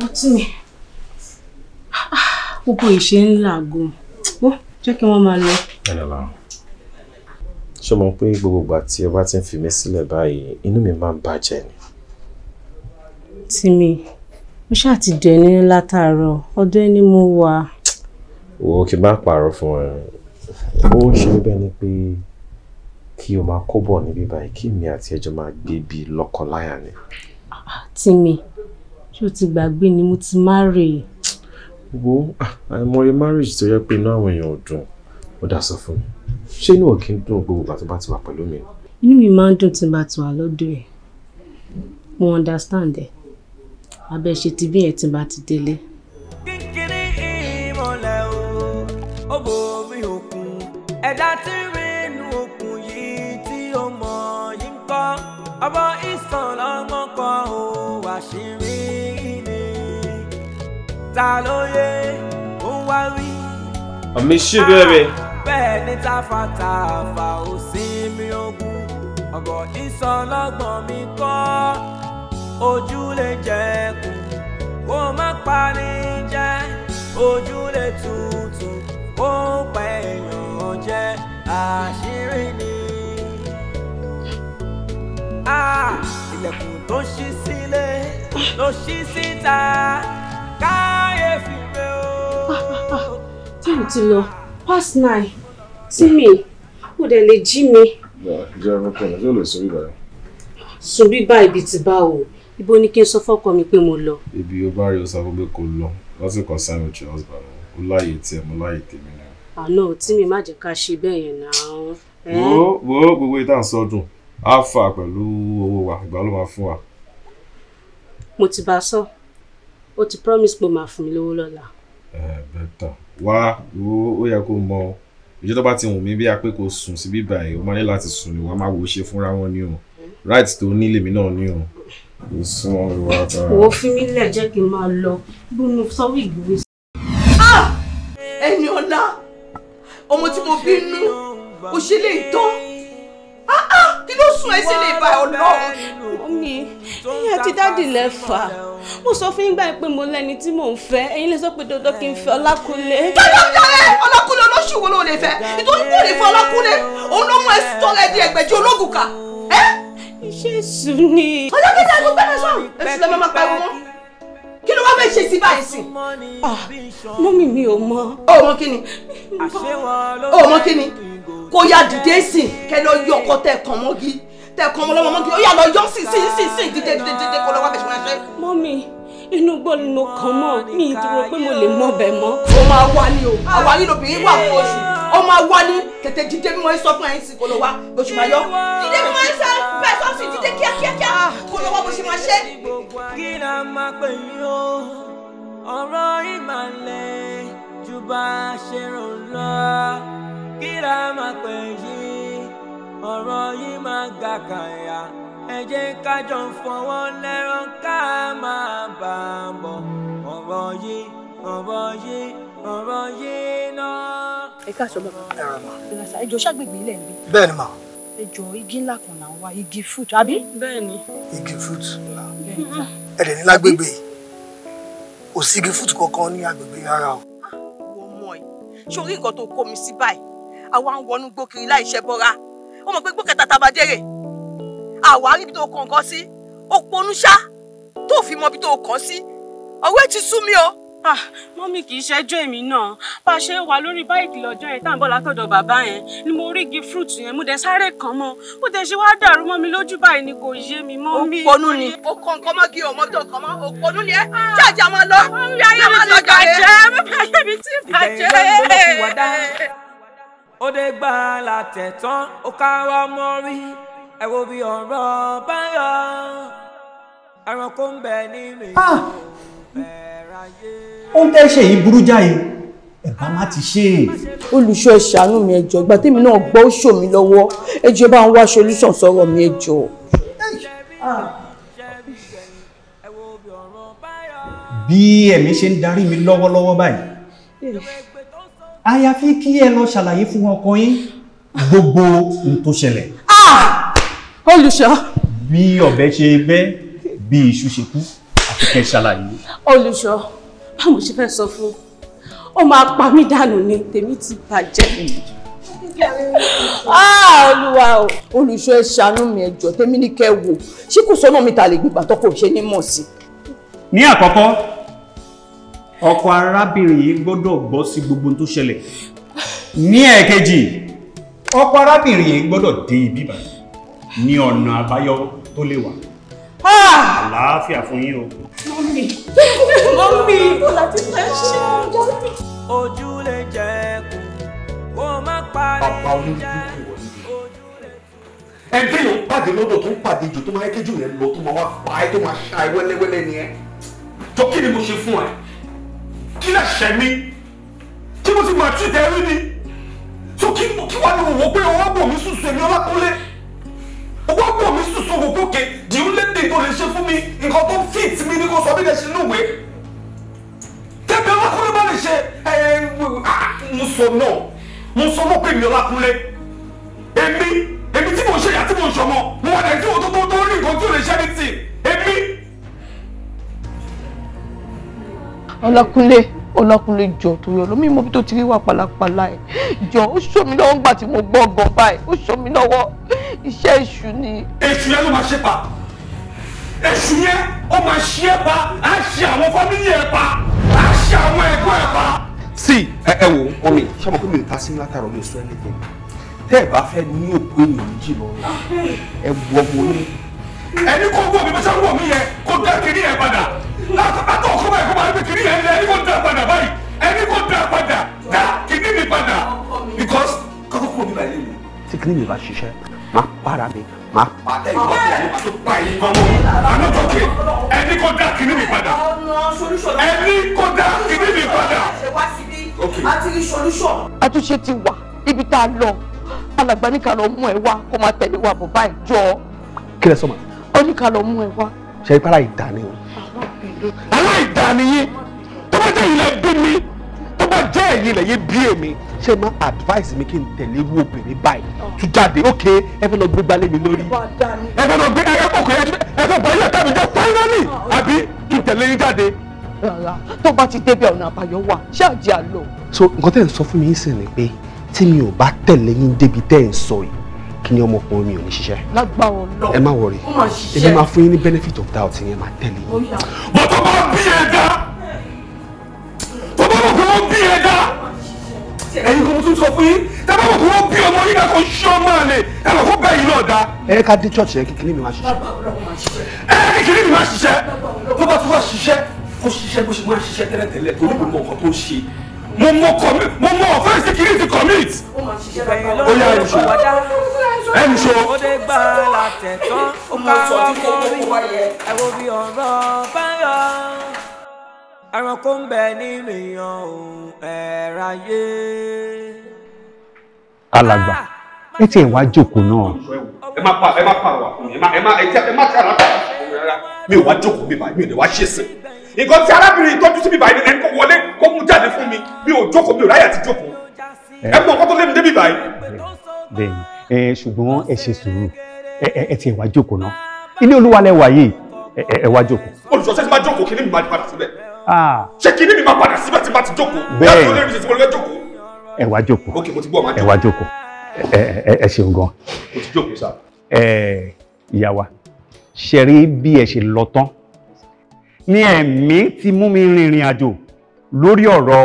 àpótí mi gbogbo ìṣe ń làágùn ó jẹ́ kí wọ́n máa lọ. ṣé mo pé gbogbo ìgbà tí ẹ bá ti ń fi mí sílẹ̀ báyìí inú mi máa ń bàjẹ́ ni. tìmí mo ṣáà ti dẹ̀ ní látàárọ̀ ọdún ẹni mo wà. wo kí n bá pààrọ̀ fún ẹ ó ń ṣe bẹ́ẹ̀ ni pé kí o máa kó bọ̀ níbí báyìí kí èmi àti ẹjọ́ máa gbé bíi lọ́kọláya ni. tìmí ṣé o ti gbàgbé ni mo ti marry. wo ah, àìmọye marriage tó yẹ pé inú àwọn èèyàn ò dùn ó dá sọ fún mi ṣé inú òkè ń dùn gbogbo ìgbà tó bá ti wà pẹ̀lú mi. inú mi máa ń dùn tí bá ti wà lọ́dọ̀ ẹ̀ mo understand ẹ̀ abẹ́ ṣe ti bí ẹ̀ tí n bá ti délé. kíkiri ìmọ̀lẹ̀ o ó bo omi òkun ẹ̀dá tí rí òkun yìí tí ó mọ̀ yìí kọ́ ọmọ ìsàn lọ́mọ kan ṣe ń ta ló yé ó wá wí. àmì ṣíbẹ̀rẹ̀. Ah, bẹ́ẹ̀ ni tàfà ò sí mi ogún ọ̀gọ̀ ìsọlọ́gbọ̀n mi kọ́ ojú lè jẹ́ kù kó má parí jẹ́ ojú lè tutù kó pẹ́ èèyàn jẹ́ àṣírí ni. Ah, ilẹ̀kùn tó ṣí sílé ló ṣí síta káyéfì rẹ o. táyọ̀ past nine tí mi kò dẹ̀ lè jí No, ìjọba ẹ̀rọ kọ́ni yóò lè sórí ìbàdàn. sùn bíbá ibi ti bá o ibo ni kí n sọ fọ́kọ mi pé mo lọ. ibi ó bá rí o sọ fún pé kò lọ lásìkò sáyẹn ojú husband o láàyè tiẹ̀ mo láàyè tèmi náà. àná tí mi má jẹ́ ká ṣe bẹ́ẹ̀ yẹn náà. wo wo gbogbo ìtàn sọdún á fà pẹ̀lú owó wa ìgbà ló máa a sọ. So ó ti promise pé ó máa fún mi lówó lọ́la. ẹ bẹ́ẹ̀ tán wá ó yẹ kó mọ ìjọ tó bá ti wùn mí bí a pé kò sùn sí bíbá yìí ó máa ní láti sùn ni wàá máa wò ó ṣe fúnra wọn ni o right tó ní lèmi náà ni o kò sún ọ lọ wá tán. wò ó fi mí lẹ̀ jẹ́ kí n máa lọ bí mo sọ wí ìgbìmọ̀ sí. Ah! ẹni ọ̀la ọmọ tí mo bí nú kò ṣe lè tán kí ló sún ẹ sílé ìbá ọlọ́run. mi ìyá àti dáàdì lẹ fà mo sọ fún yín pé mo lẹni tí mò ń fẹ́ ẹ̀yin lè sọ pé dandan kí n fẹ́ ọlákúnlé. dandan kẹrẹ ọlákúnlé olóṣù wo ló lè fẹ́ nítorí kò lè fẹ́ ọlákúnlé òun ló mú ẹ tọrẹ di ẹgbẹ̀jì ológun kà. Jésù ni. ọjọ́ kí ni ẹ̀gbọ́n gbẹ́dẹ̀ sọ̀rọ̀ èsì lọ́mọ máa pa ẹ̀wọ̀n kí ló wá fẹ́ ṣe sí báyìí sí. mọ́mì ah, mi ò mọ. o mọ kí ni o mọ kí ni kó yá dìde sìn kẹ lọ yọ ọkọ tẹ kàn mọ́gi tẹ kàn mọ́ lọ́mọ mọ́gi ó yà lọ yọ sìn sìn sìn sìn dìde dìde dìde kó lọ́wọ́ bẹ̀ṣẹ̀ máa ṣe. mọ́mì inú gbọ́ ni mo kàn mọ́ mi ìdúró pé mo lè mọ bẹ̀ mọ́. ó máa wá ní o àwa nínú obìnrin wà fún oṣù ó máa wá ní tètè jíjẹ bí sọ fún ẹ̀yìn sí kó lọ wá bó máa yọ. jíjẹ bí sọ bẹ́ẹ̀ sọ sí jíjẹ kíákíákíá kó lọ wá bó máa ṣe. kí la máa pè kíra máa pè yìí ọ̀rọ̀ yìí máa ga kàyà ẹ kájọ ń fọwọ́ lẹ́rán ká máa bá bọ̀ ọ̀rọ̀ yìí ọ̀rọ̀ yìí ọ̀rọ̀ yìí náà. ẹ ká sọ ma ẹ̀rọ ma ẹ jọ ṣàgbègbè ilẹ̀ ń bí. ma. ẹ jọ igi ńlá kan là wá igi fruit àbí. bẹ́ẹ̀ni. igi fruit ńlá ẹ dẹ̀ ní lágbègbè kò sí igi fruit kankan ní agbègbè rárá o. Ah, wọ́n mọ̀ ẹ́ sórí nǹkan tó kó mi sí báyìí àwa ń wọnú gbókiri láì ṣe bọ́ra ó mọ̀ pé gbókè tata bá dérè àwa tó kàn sí ó ponú tó fi mọ ibi tó kàn sí ọwọ́ ẹ ti sú mi o. Ah, mọ́mí kì í ṣẹ́jọ́ èmi náà bá a ṣe wà lórí báyìkì lọ́jọ́ yẹn tá à ń bọ̀ látọ̀dọ̀ bàbá yẹn ni mo rí igi fruit yẹn mo dẹ̀ sáré kàn mọ́ mo dẹ̀ ṣe wáá dàrú mọ́ lójú báyìí ni kò yé mi mọ́ mi. ó ni. ó kàn kọ́ mọ́ kí ọmọ tó kàn mọ́ ó ponú ni ẹ jáde àwọn lọ. mọ́mí ayé mi ti bàjẹ́ mọ́mí ayé mi ti bàjẹ́ ó dé gbà látẹ̀tán ó káwọ́ mọ́rí ẹ wo bí ọ̀rọ̀ báyọ̀ ẹranko ń bẹ nínú ìbẹ̀rẹ̀ ayé. ó ń tẹ́ ṣe yìí burú jáì ẹ̀bá má ti ṣe é. olùṣọ́ ẹ ṣàánú mi ẹ jọ̀ọ́ ìgbà tèmi náà gbọ́ ó ṣò mí lọ́wọ́ ẹ jọ̀ọ́ bá ń wá solution sọ̀rọ̀ mi ẹ jọ̀ọ́. bí ẹ̀mí ṣe ń darí mi lọ́wọ́lọ́wọ́ báyìí àyàfi kí ẹ lọ ṣàlàyé fún ọkọ yín gbogbo ohun tó ṣẹlẹ̀. Ah! olùṣọ́. bí ọ̀bẹ ṣe bẹ́ bí iṣu ṣe kú àti kẹ́ ṣàlàyé. olùṣọ́ báwo ṣe fẹ́ sọ fún ó máa pa mí dànù ni tèmi ti bàjẹ́ ah, olúwa o olùṣọ́ ẹ ṣàánú mi ẹ jọ̀ọ́ tèmi ní kẹ́ wò ṣé kò sọ́nà mi ta lè gbìgbà tó kò ṣe ní mọ̀ sí. ní àkọ́kọ́ ọkọ arábìnrin yìí gbọ́dọ̀ gbọ́ sí gbogbo tó ṣẹlẹ̀ ní ẹ̀ẹ̀kejì ọkọ arábìnrin yìí gbọ́dọ̀ dé ibi báyìí ní ọ̀nà àbáyọ tó lè wà ah! àlàáfíà fún yín o. mọ́mí mọ́mí kò láti fẹ́ ṣe ọjọ́ mi. ojú lè jẹ́ kù kó má parí ìjà ẹgbẹ́ yóò pàdé lọ́dọ̀ tó ń pàdé jù tó máa ń kéjù rẹ̀ lọ tó máa wá pa ẹ́ tó máa ṣá ẹ wẹ́lẹ́wẹ́lẹ́ ni ẹ jọ kí ni mo ṣe fún ẹ kí lè ṣẹ̀ mi tí mo ti mọ̀ tí tẹ̀ ni so kí kí wàá ní òwò pé ọwọ́ bò mí sùsù èmi ọlákúnlé ọwọ́ bò mí sùsù òwò gòkè di tó lè ṣe fún mi nǹkan tó fit mi ni kò sọ mí lè ṣe inú ìwé ọlákúnlé má lè ṣe ẹ ẹ mo sọ náà mo sọ náà pé èmi ọlákúnlé èmi èmi tí mo ṣe ìyá tí mo ṣọmọ mo wà nàìjíríà tó tó tó rí nǹkan tí lè ṣe ní tì èmi. ọlọ́kúnlé ọlọ́kúnlé jọ tó yọ lómi mo bí tó ti rí wà pàlàpàlà ẹ̀ jọ ó sọ mi lọ́wọ́ ńgbà tí mo gbọ́ ọgàn báyìí ó sọ mi lọ́wọ́ iṣẹ́ èṣù ni. èṣù yẹn ló máa ṣe pa èṣù yẹn ó máa ṣe é pa á ṣe àwọn fámìlì ẹ̀ pa á ṣe àwọn ẹ̀gbọ́n ẹ̀ pa. sí ẹ ẹ wo wọn mi ṣé mo kí mi ò ta sí látàrọ mi ò sọ ẹnìkan tẹ ẹ bá fẹ ní òkú èèyàn méjì lọ ah, ẹ wọ ọmọ onímọ ẹni kó wọ mi bàtà wọ mi yẹ kó dá kiri yẹn padà látọ kó báyìí kó máa gbé kiri yẹn lẹ ẹni kó dá padà báyìí ẹni kó dá padà dá kiri mi padà because kókó kó mi báyìí lè. tí kiri mi bá ṣiṣẹ́ máa para mi máa pa ẹ̀ ìwọ́n ti àyè tó pa ẹ̀yìn mọ́mọ́ ànátọ́kẹ́ ẹni kó dá kiri mi padà ẹni kó dá kiri mi padà. àtúnṣe ti wà ibi tá a lọ alàgbà ní ká lọ mú ẹ wá kó máa tẹ̀lé wa bọ̀ báyìí jọ. kí lẹ sọ ma ó ní ká lọ mú ẹ wá. ṣe ipá aláìdá ni o. aláìdá ni yín tó bá jẹ́ ilẹ̀ bí mi tó bá jẹ́ ẹ̀yin ilẹ̀ yẹn bí èmi ṣe máa advice mi kí n tẹ̀lé irú obìnrin báyìí tó jáde ok ẹ fẹ́ lọ gbé gbalẹ̀ mi lórí ẹ fẹ́ lọ gbé ẹ kọ̀ọ̀kan ẹ fẹ́ bọ̀ ilé ẹ̀ta mi jẹ́ fáínálì àbí kí n tẹ̀lé yín jáde. tó bá ti débi ọ̀nà àbáyọ wà ṣé àjẹ́ àlọ́. so nǹkan tẹ́ ń sọ fún mi ń ni pé tí mi ò bá tẹ̀lé yín débi tẹ́ ń sọ yìí kí ni ọmọkùnrin mi ò ní ṣiṣẹ́. lágbàwọ̀ lọ ẹ má wọrí èmi máa fún yín ní benefit of doubt yẹn máa tẹ̀lé yín. mo tó máa bí ẹ dá tó bá wọ̀ kó wọ́n bí ẹ dá ẹ̀yin kò tún sọ fún yín tẹ́ bá wọ̀ kó wọ́n bí ọmọ yín kò ṣe ọmọ àlè ẹ lọ kó bẹ́ẹ̀ yín náà dá. ẹ ká dé church yẹn kíkiri mi máa ṣiṣẹ́. ẹ kíkiri mi máa ṣiṣẹ́ tó bá tún wá ṣiṣẹ́ kó ṣiṣẹ́ bó ṣe máa ṣiṣẹ́ tẹ́lẹ̀tẹ́lẹ̀ mo mọ kọmi mo mọ ọfẹ security commit. ó yà ẹnu ṣo ẹnu ṣo. ó dé gbà látẹ̀tọ́ ó ká ọkọ rí ẹ wo bí ọ̀rọ̀ bá yọ. ẹranko ń bẹ nínú èèyàn òun ẹ̀rọ ayé. alàgbà ẹ tiẹ̀ wá jókòó náà. ẹ má pa ẹ má pa àwọn àkùnrin ẹ má ẹ má ẹ má tí a rà pa mi ò wá jókòó mi báyìí mi ò lè wá ṣèṣe nǹkan tí arábìnrin ìtọ́jú síbi báyìí ẹni kò wọlé kó mú jáde fún mi mi ò jókòó mi ò ráyà ti jókòó ẹ mọ nǹkan tó lé mi débi báyìí. bẹ́ẹ̀ni ẹ ṣùgbọ́n ẹ ṣe sùúrù ẹ ti ẹ wá jókòó náà ilé olúwa lẹ wà yìí ẹ wá jókòó. olùsọ̀ọ́sẹ́ ti máa jókòó kí ni mi máa padà síbẹ̀ ṣé kí ni mi máa padà síbẹ̀ tí máa ti jókòó bẹ́ẹ̀ ẹ wá jókòó ẹ wá jókòó ẹ ṣeun gan. ìyá wa ṣe rí bí ẹ ṣe lọ tán ni ẹ̀mí ti mú mi rìnrìn àjò lórí ọ̀rọ̀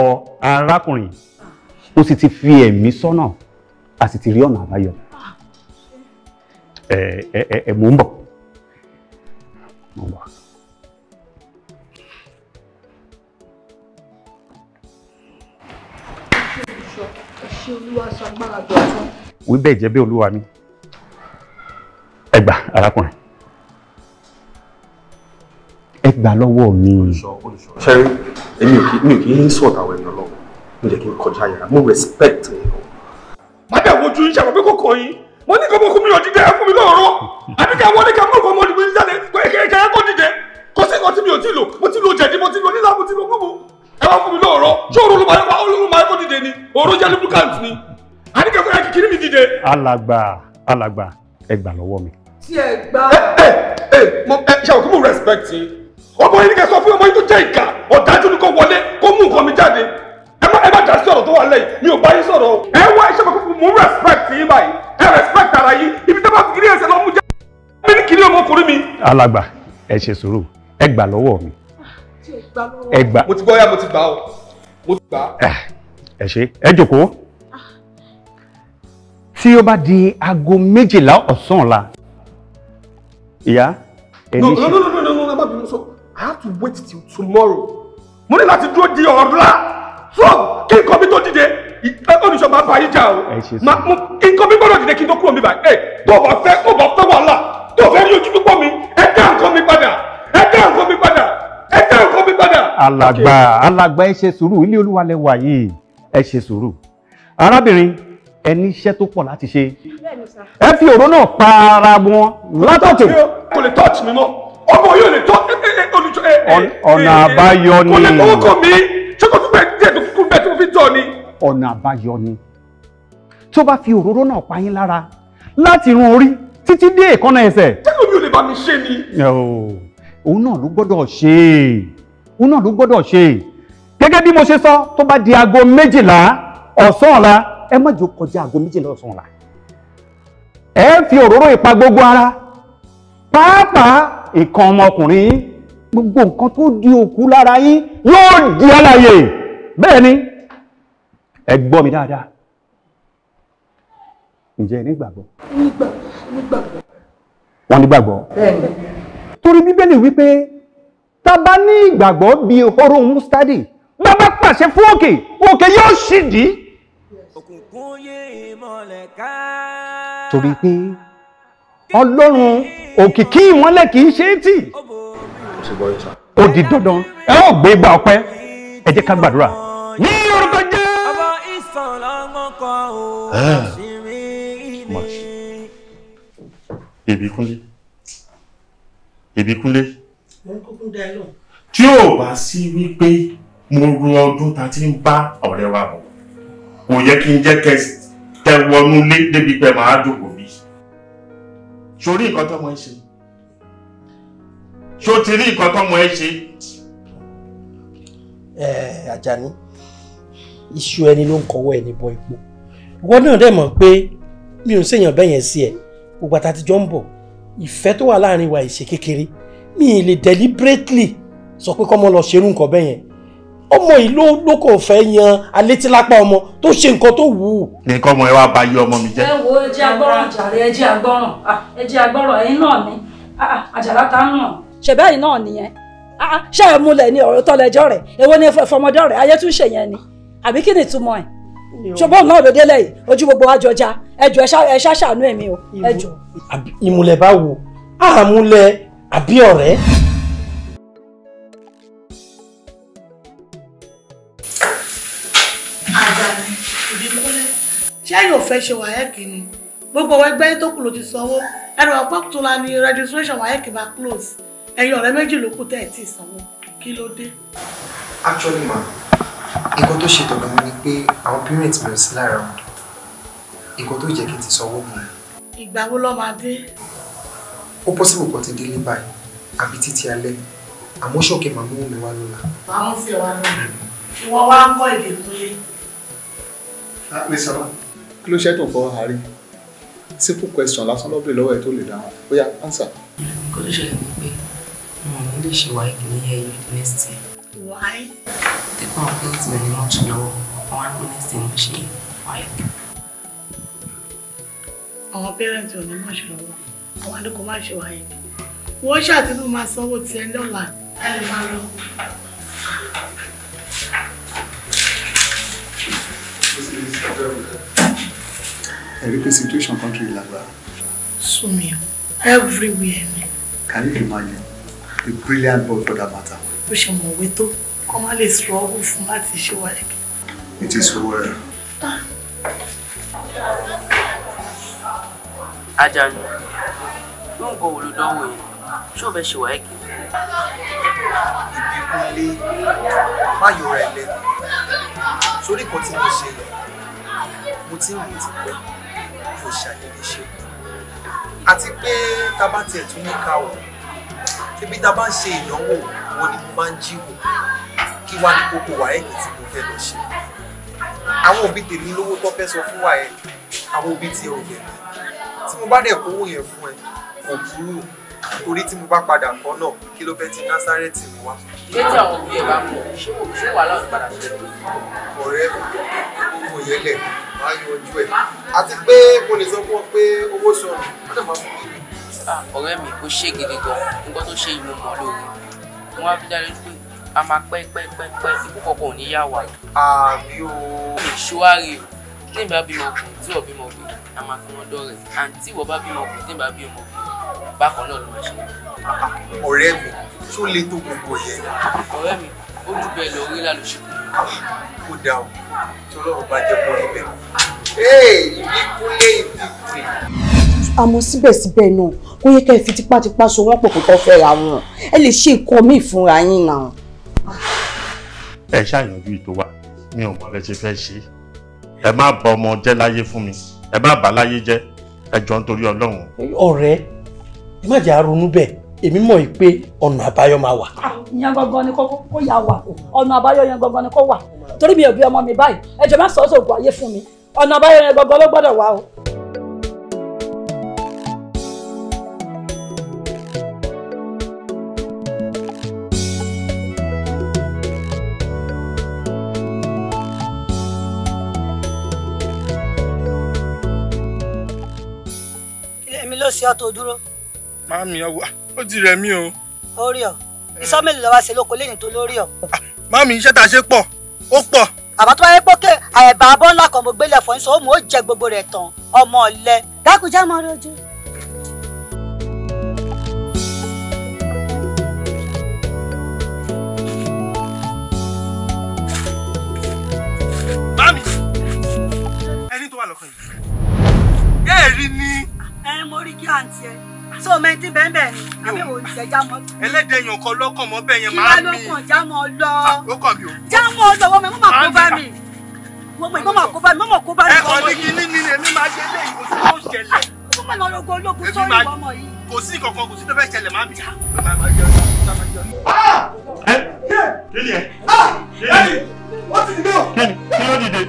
arákùnrin mo sì ti fi ẹ̀mí sọ́nà a sì ti rí ọ̀nà àbáyọ ẹ ẹ ẹ mò ń bọ̀ mò ń bọ̀. wí bẹ́ẹ̀ jẹ́ bẹ́ẹ̀ olúwa mi ẹ arákùnrin ẹ gbà lọ́wọ́ mi. ṣẹ́rí èmi ò kì í sọ̀tà àwọn ènìyàn lọ́wọ́ mo jẹ́ kí n kọjá yàrá mo respect mi. má dẹ̀ wojú yín ṣàpọ̀ pé kò kọ́ yín mo ní kó mo kún mi lọ dídẹ fún mi lọ́rọ́ àbí ká wọlé ká mọ̀ kó mo dìbò dídá lẹ kẹ̀kẹ́ kó dídẹ kó sí nǹkan tí mi ò ti lò mo ti lo jẹ̀dí mo ti lo nílá mo ti lo gbogbo ẹ wá fún mi lọ́rọ́ ṣé òru ló máa ń kó dídẹ ni òru jẹ́ lubricant ni àbí kẹ́kọ̀ọ́ yà kìkìrì mi dídẹ. alàgbà alàgbà ẹ gbà lọ́wọ́ mi. tí ẹ gbà. ẹ ẹ ẹ mo ẹ ṣe àkókò respect yín ọmọ yìí ni kẹ́ sọ fún ọmọ yìí tó jẹ́ ìkà ọ̀dájú ni kò wọlé kó mú nǹkan mi jáde ẹ má ẹ má dá sí ọ̀rọ̀ tó wà lẹ́yìn mi ò bá yín sọ̀rọ̀ o. ẹ wá iṣẹ́ mi kúkú mú respect yín báyìí ẹ respect ara yín ibi tó bá fi kiri ẹsẹ̀ lọ mú jẹ́ mi ní kiri ọmọkùnrin mi. alàgbà ẹ ṣe sùúrù ẹ gbà lọ́wọ́ mi. ẹ gbà. mo ti gbọ́ ya mo ti gbà o mo ti gbà. ẹ ṣe ẹ jòkó tí ó bá di aago méjìlá ọ̀sán ọ̀la ìyá ẹni ṣe. I have to wait till tomorrow. Mo ní láti dúró di ọ̀la. So kí nǹkan mi tó dìde, olùṣọ́ba bá yí jà o. Nǹkan mi gbọ́dọ̀ dìde kí n tó kúrò mi báyìí. Tó bá fẹ́ tó bá fẹ́ wàhálà, tó fẹ́ rí ojú púpọ̀ mi, ẹ dá nǹkan mi padà, ẹ dá nǹkan mi padà, ẹ dá nǹkan mi padà. Alàgbà alàgbà ẹ ṣe sùúrù ilé olúwa lẹ wà yìí ẹ ṣe sùúrù. Arábìnrin ẹ ní iṣẹ́ tó pọ̀ láti ṣe. Ẹ fi òró náà pa ara wọn látọ̀tò. Kò lè tọ́ọ̀tì mi mọ́ ọmọ yóò lè tọ́ olùjọ ọ̀nà àbáyọ ni kò lè kówó kò mí ṣókò tó bẹ̀ẹ́ díẹ̀ tó kú bẹ́ẹ̀ tó fi tọ́ ni. ọ̀nà àbáyọ ni tó bá fi òróró náà pa yín lára láti irun orí títí dé èékánná ẹsẹ̀. tẹ́lẹ̀ mi ò lè bá mi ṣe ni. òun náà ló gbọ́dọ̀ ṣe òun náà ló gbọ́dọ̀ ṣe gẹ́gẹ́ bí mo ṣe sọ tó bá di aago méjìlá ọ̀sán ọ̀la ẹ má jò kọjá aago méjìlá ọ̀sán ọ̀la ẹ fi òróró ìpa gbogbo ara pàápàá nǹkan ọmọkùnrin yín gbogbo nǹkan tó di òkú lára yín yóò di alàyè bẹ́ẹ̀ ni ẹ mi dáadáa ǹjẹ́ ẹ nígbàgbọ́. wọ́n nígbàgbọ́. torí bíbélì wípé tá a bá ní ìgbàgbọ́ bíi hóró mustadi bá bá pàṣẹ fún òkè òkè yóò ṣì dí. òkùnkùn yé ìmọ̀lẹ̀ ká. torí pé ọlọ́run òkìkí ìmọ́lẹ̀ kì í ṣe é tì. ó di dandan ẹ ó gbé igba ọpẹ́ ẹ jẹ́ ká gbàdúrà ní orúkọ jẹ́. bèbí kúnlé bèbí kúnlé tí ò bá sí wípé mo ru ọdún ta ti ń bá ọ̀rẹ́ wa bọ̀ kò yẹ kí n jẹ́ kẹ́ tẹ lé débi pé màá dùn sórí nǹkan tọ́mọ ẹ e ṣe ṣó ti rí nǹkan tọ́mọ ẹ ṣe. ẹ Àjàní iṣu ẹni ló ń kọwọ́ ẹni bọ epo ìwọ náà dẹ̀ mọ̀ pé mi ò ń ṣèyàn bẹ́yẹn sí ẹ gbogbo àtàtijọ́ ń bọ̀ ìfẹ́ tó wà láàrin wa ìṣe kékeré mi ì lè deliberately sọ pé kọ́mọ lọ ṣerú nǹkan bẹ́yẹn ọmọ yìí ló ló kò fẹ́ yan alétílápá ọmọ tó ṣe nǹkan tó wù ú. nǹkan ọmọ ẹ wá ba yí ọmọ mi jẹ. ẹ wo ẹ jẹ́ agbọràn jàre ẹ jẹ́ agbọràn ẹ jẹ́ agbọràn ẹ̀yin náà ni àjàlá ta ń ràn. ṣẹ̀bẹ́yìn náà nìyẹn ṣé ẹ múlẹ̀ ní ọ̀rọ̀ tọ́lẹ̀jọ́ rẹ̀ èwo ni fọmọdọ́ rẹ̀ ayé tún ṣe yẹn ni àbí kí ni ìtumọ̀ ẹ̀ ṣùgbọ́n náà ló délẹ̀ yìí ojú gbogbo wa jọjá ẹjọ ẹ ṣàṣàánú ẹ̀mí o ẹjọ. ìmùlẹ̀ bá wo àmúlẹ̀ àbí ọ̀rẹ́. ṣé yóò fẹ́ ṣe wáyẹ́kì ni gbogbo ẹgbẹ́ tó kù ló ti sanwó ẹnu ọ̀pọ̀ tó la ni registration wáyẹ́kì máa close ẹ̀yin ọ̀rẹ́ méjì ló kù tẹ́ ẹ̀ tí ì sanwó kí ló dé. actually ma nǹkan tó ṣe tọ̀dọ̀ mi ni pé àwọn parents mi ò sí lára wọn nǹkan tó jẹ́ kí n ti sanwó mi. ìgbà wo ló máa dé. ó possible kan ti dé ní báyìí àbí títí alẹ́ àmọ́ ṣọ́ọ̀kì màmú mi wá lọ́la. màmú sí wa lọ́la hmm. ìwọ wá ń kọ́ èdè ah mi sọ kí ló ṣe tó fọwọ́ harí simple question lásán lọ́bẹ̀ lọ́wọ́ ẹ̀ tó lè dáhùn bóyá answer. kò ló ṣẹlẹ̀ wípé mo ò lè ṣe wáyé ní ẹ̀yẹ next year. why. tẹ́kọ̀ ọ̀pẹ́ tí mo ní wọ́n lọ́wọ́ àwọn arúgbó next ṣe wáyé. àwọn parents ò ní mọ̀ ṣe lọ́wọ́ àwọn àdókò má ṣe wáyé wọ́n ṣàtìlú máa sanwó tiẹ̀ lọ́la ẹ lè máa lọ. Thank you. Every situation country So Sumio, everywhere ni. Can you imagine? The brilliant boy for that matter. Ó ṣe mọ̀ òwe come kọ́ má lè struggle fún láti ṣe wáyé. It is well. Ajani, ló ń gbọ́ wò ló dánwò yìí, ṣé o fẹ́ ṣe wáyé kì í? Ìbíkúnlé, má yọra ẹ lẹ́nu. Sórí kan tí mo kò ṣàdédé ṣe àti pé tá a bá tiẹ̀ tún ní ká o ibi tá bá ń ṣe ìnáwó wọn ni mo máa ń jí kí wá ní kókó wáyẹ̀kì tí mo fẹ́ lọ ṣe àwọn òbí tèmi lówó tó fẹ́ sọ fún wáyẹ̀kì àwọn òbí tiẹ̀ ò bẹ̀rẹ̀ tí mo bá dẹ̀ kówó yẹn fún ẹ kò burú torí tí mo bá padà kọ́ náà kí ló fẹ́ ti násárẹ́tì mi wá. ṣé tí àwọn òbí ẹ bá mọ̀ ṣé wò ṣé wàhálà ti padà ṣe. ọ̀rẹ́ gbogbo yẹn lẹ̀ máa yanjú ẹ̀ àti pé mo lè sọ fún ọ pé owó sọnù ó dẹ̀ máa fún mi. ọ̀rẹ́ mi kò ṣe gidi gan nǹkan tó ṣe ìmú mọ́ lóore wọn á fi dá lójú pé a máa pẹ́ pẹ́ pẹ́ pẹ́ ikú kọ̀ọ̀kan ò ní yá wa. àmì o. ìṣúwárì o tí ìbá bímọ ọkùnrin tí ò bímọ obìnrin a máa fi àǹtí ìwọ bá bímọ ọkùnrin tí ìbá bímọ obìnrin bákan náà ló máa ṣe. ọ̀rẹ́ mi tó le tó gbogbo yẹn. ọ̀rẹ́ mi ó jù bẹ́ẹ̀ lọ orí lálùsíkù. kó dà o tó lọ́wọ́ bá jẹ́ kó rí bẹ́ẹ̀. ee ìdíkúnlé ìdíkùn. àmọ́ síbẹ̀síbẹ̀ náà kó yẹ kẹ́ ẹ fi tipátipá so wọ́pọ̀ kó tó fẹ́ra wọn ẹ lè ṣe nǹkan míì fúnra yín náà. ẹ ṣàyànjú ìtò wa mi ò mọ̀ bẹ́ẹ̀ ṣe fẹ́ ṣe ẹ má bà ọmọ jẹ́ láyé fún mi ẹ má bà láyé jẹ́ ẹ jọ nítorí Ọlọ́run. ọ̀rẹ́ ẹ má jẹ́ àrònú bẹ́ẹ̀ èmi mọ̀ yìí pé ọ̀nà àbáyọ máa wà. Ah, ìyẹn gangan ni kó yà wà ọ̀nà àbáyọ yẹn gangan ni kó wà torí mi ò bí ọmọ mi báyìí ẹ jọ̀ọ́ má sọ ògùn ayé fún mi ọ̀nà àbáyọ yẹn gangan ló gbọ́dọ̀ wà o. ilé ló ṣe ọ́ tó dúró. Mami ọwọ́ ah, ó ti rẹ̀ mí o. Orí ọ̀. Eh. Ìsọ́ mélòó lọ wá ṣe lóko lẹ́yìn tó lórí ọ̀. Ah, mami iṣẹ́ tá a ṣe pọ̀, ó pọ̀. Àbá tó wáyé pọ́kẹ́ àyẹ̀bá abọ́ ńlá kan mo gbélé ẹ̀fọ́ ìṣòwò mò ó jẹ gbogbo rẹ̀ tán ọmọ ọ̀lẹ. Dákújá mọ́ rojú. Mami ẹni tó wà lọ́kàn yìí. Ah, ẹ rí ni. Ẹ mo rí kí àǹtí ẹ so mẹ́tí bẹ́ẹ̀ bẹ́ẹ̀ ni àbí wò ó jẹ́ jámọ́. ẹlẹ́dẹ̀ yàn kọ́ lọ́kàn mọ́ bẹ́ẹ̀ yẹn máa mi. kí ló kàn jámọ́ lọ. Ah, ó kàn mí o. jámọ́ lọ wọ́n mi mo máa kó bá mi mo mọ̀ mọ̀ kó bá mi mo mọ̀ kó bá mi. ẹ kọ́ ní kinní ni èmi máa ṣe lé ìwòsàn tó ń ṣẹlẹ̀. ó mọ̀ lọ rogo ológun sọ́ọ̀rì ọmọ yìí. kò sí kankan kò sí tó fẹ́ ṣẹlẹ̀ má mi. ẹ ah! eh, kí ni ẹ. ẹ ah! wọ́n ti dìde o. kí ló dìde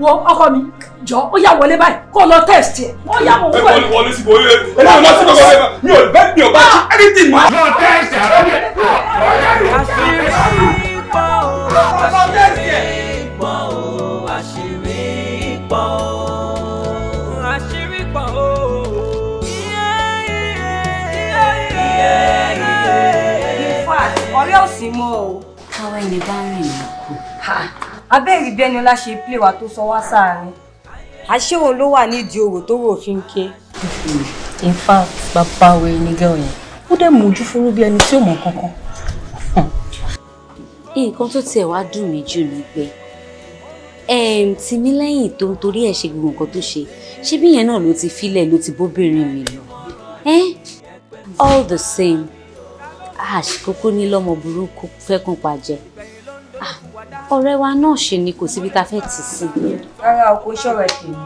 wo ọkọ mi jọ ó yá wọlé báyìí kó lọ test ẹ ó yá mo wọlé. ẹ wọlé sí wọlé ẹ náà lọ sí gbogbo ẹ mi ò bẹ mi ò bá ti anything ma. lọ test ẹ lọ test ẹ. àṣírí pọ̀ o ẹni dárìn ní kù. abẹ́rì bí Ẹniọlá ṣe pílé wa tó sọ wá sáàárín àṣé òun ló wà nídìí òwò tó rò fi ń ké. in fact bàbá wẹ̀ ni gẹ́ọ̀ yẹn ó dẹ̀ mójú fúrú bí ẹni tí ò mọ̀ kankan. nǹkan tó tiẹ̀ wá dùn mí jù ni pé tìmí lẹ́yìn tó ń torí ẹ̀ ṣe gbogbo nǹkan tó ṣe ṣé bí yẹn náà ló ti filẹ̀ ló ti bóbìnrin mi lọ. Eh? all the same àṣìkókó ah, ní lọ́mọ burúkú fẹ́ kún pa jẹ ah, ọ̀rẹ́ wa náà ṣe ni kò síbi tá a fẹ́ tì sí. rárá o kò ṣọ̀rọ̀ tèmi.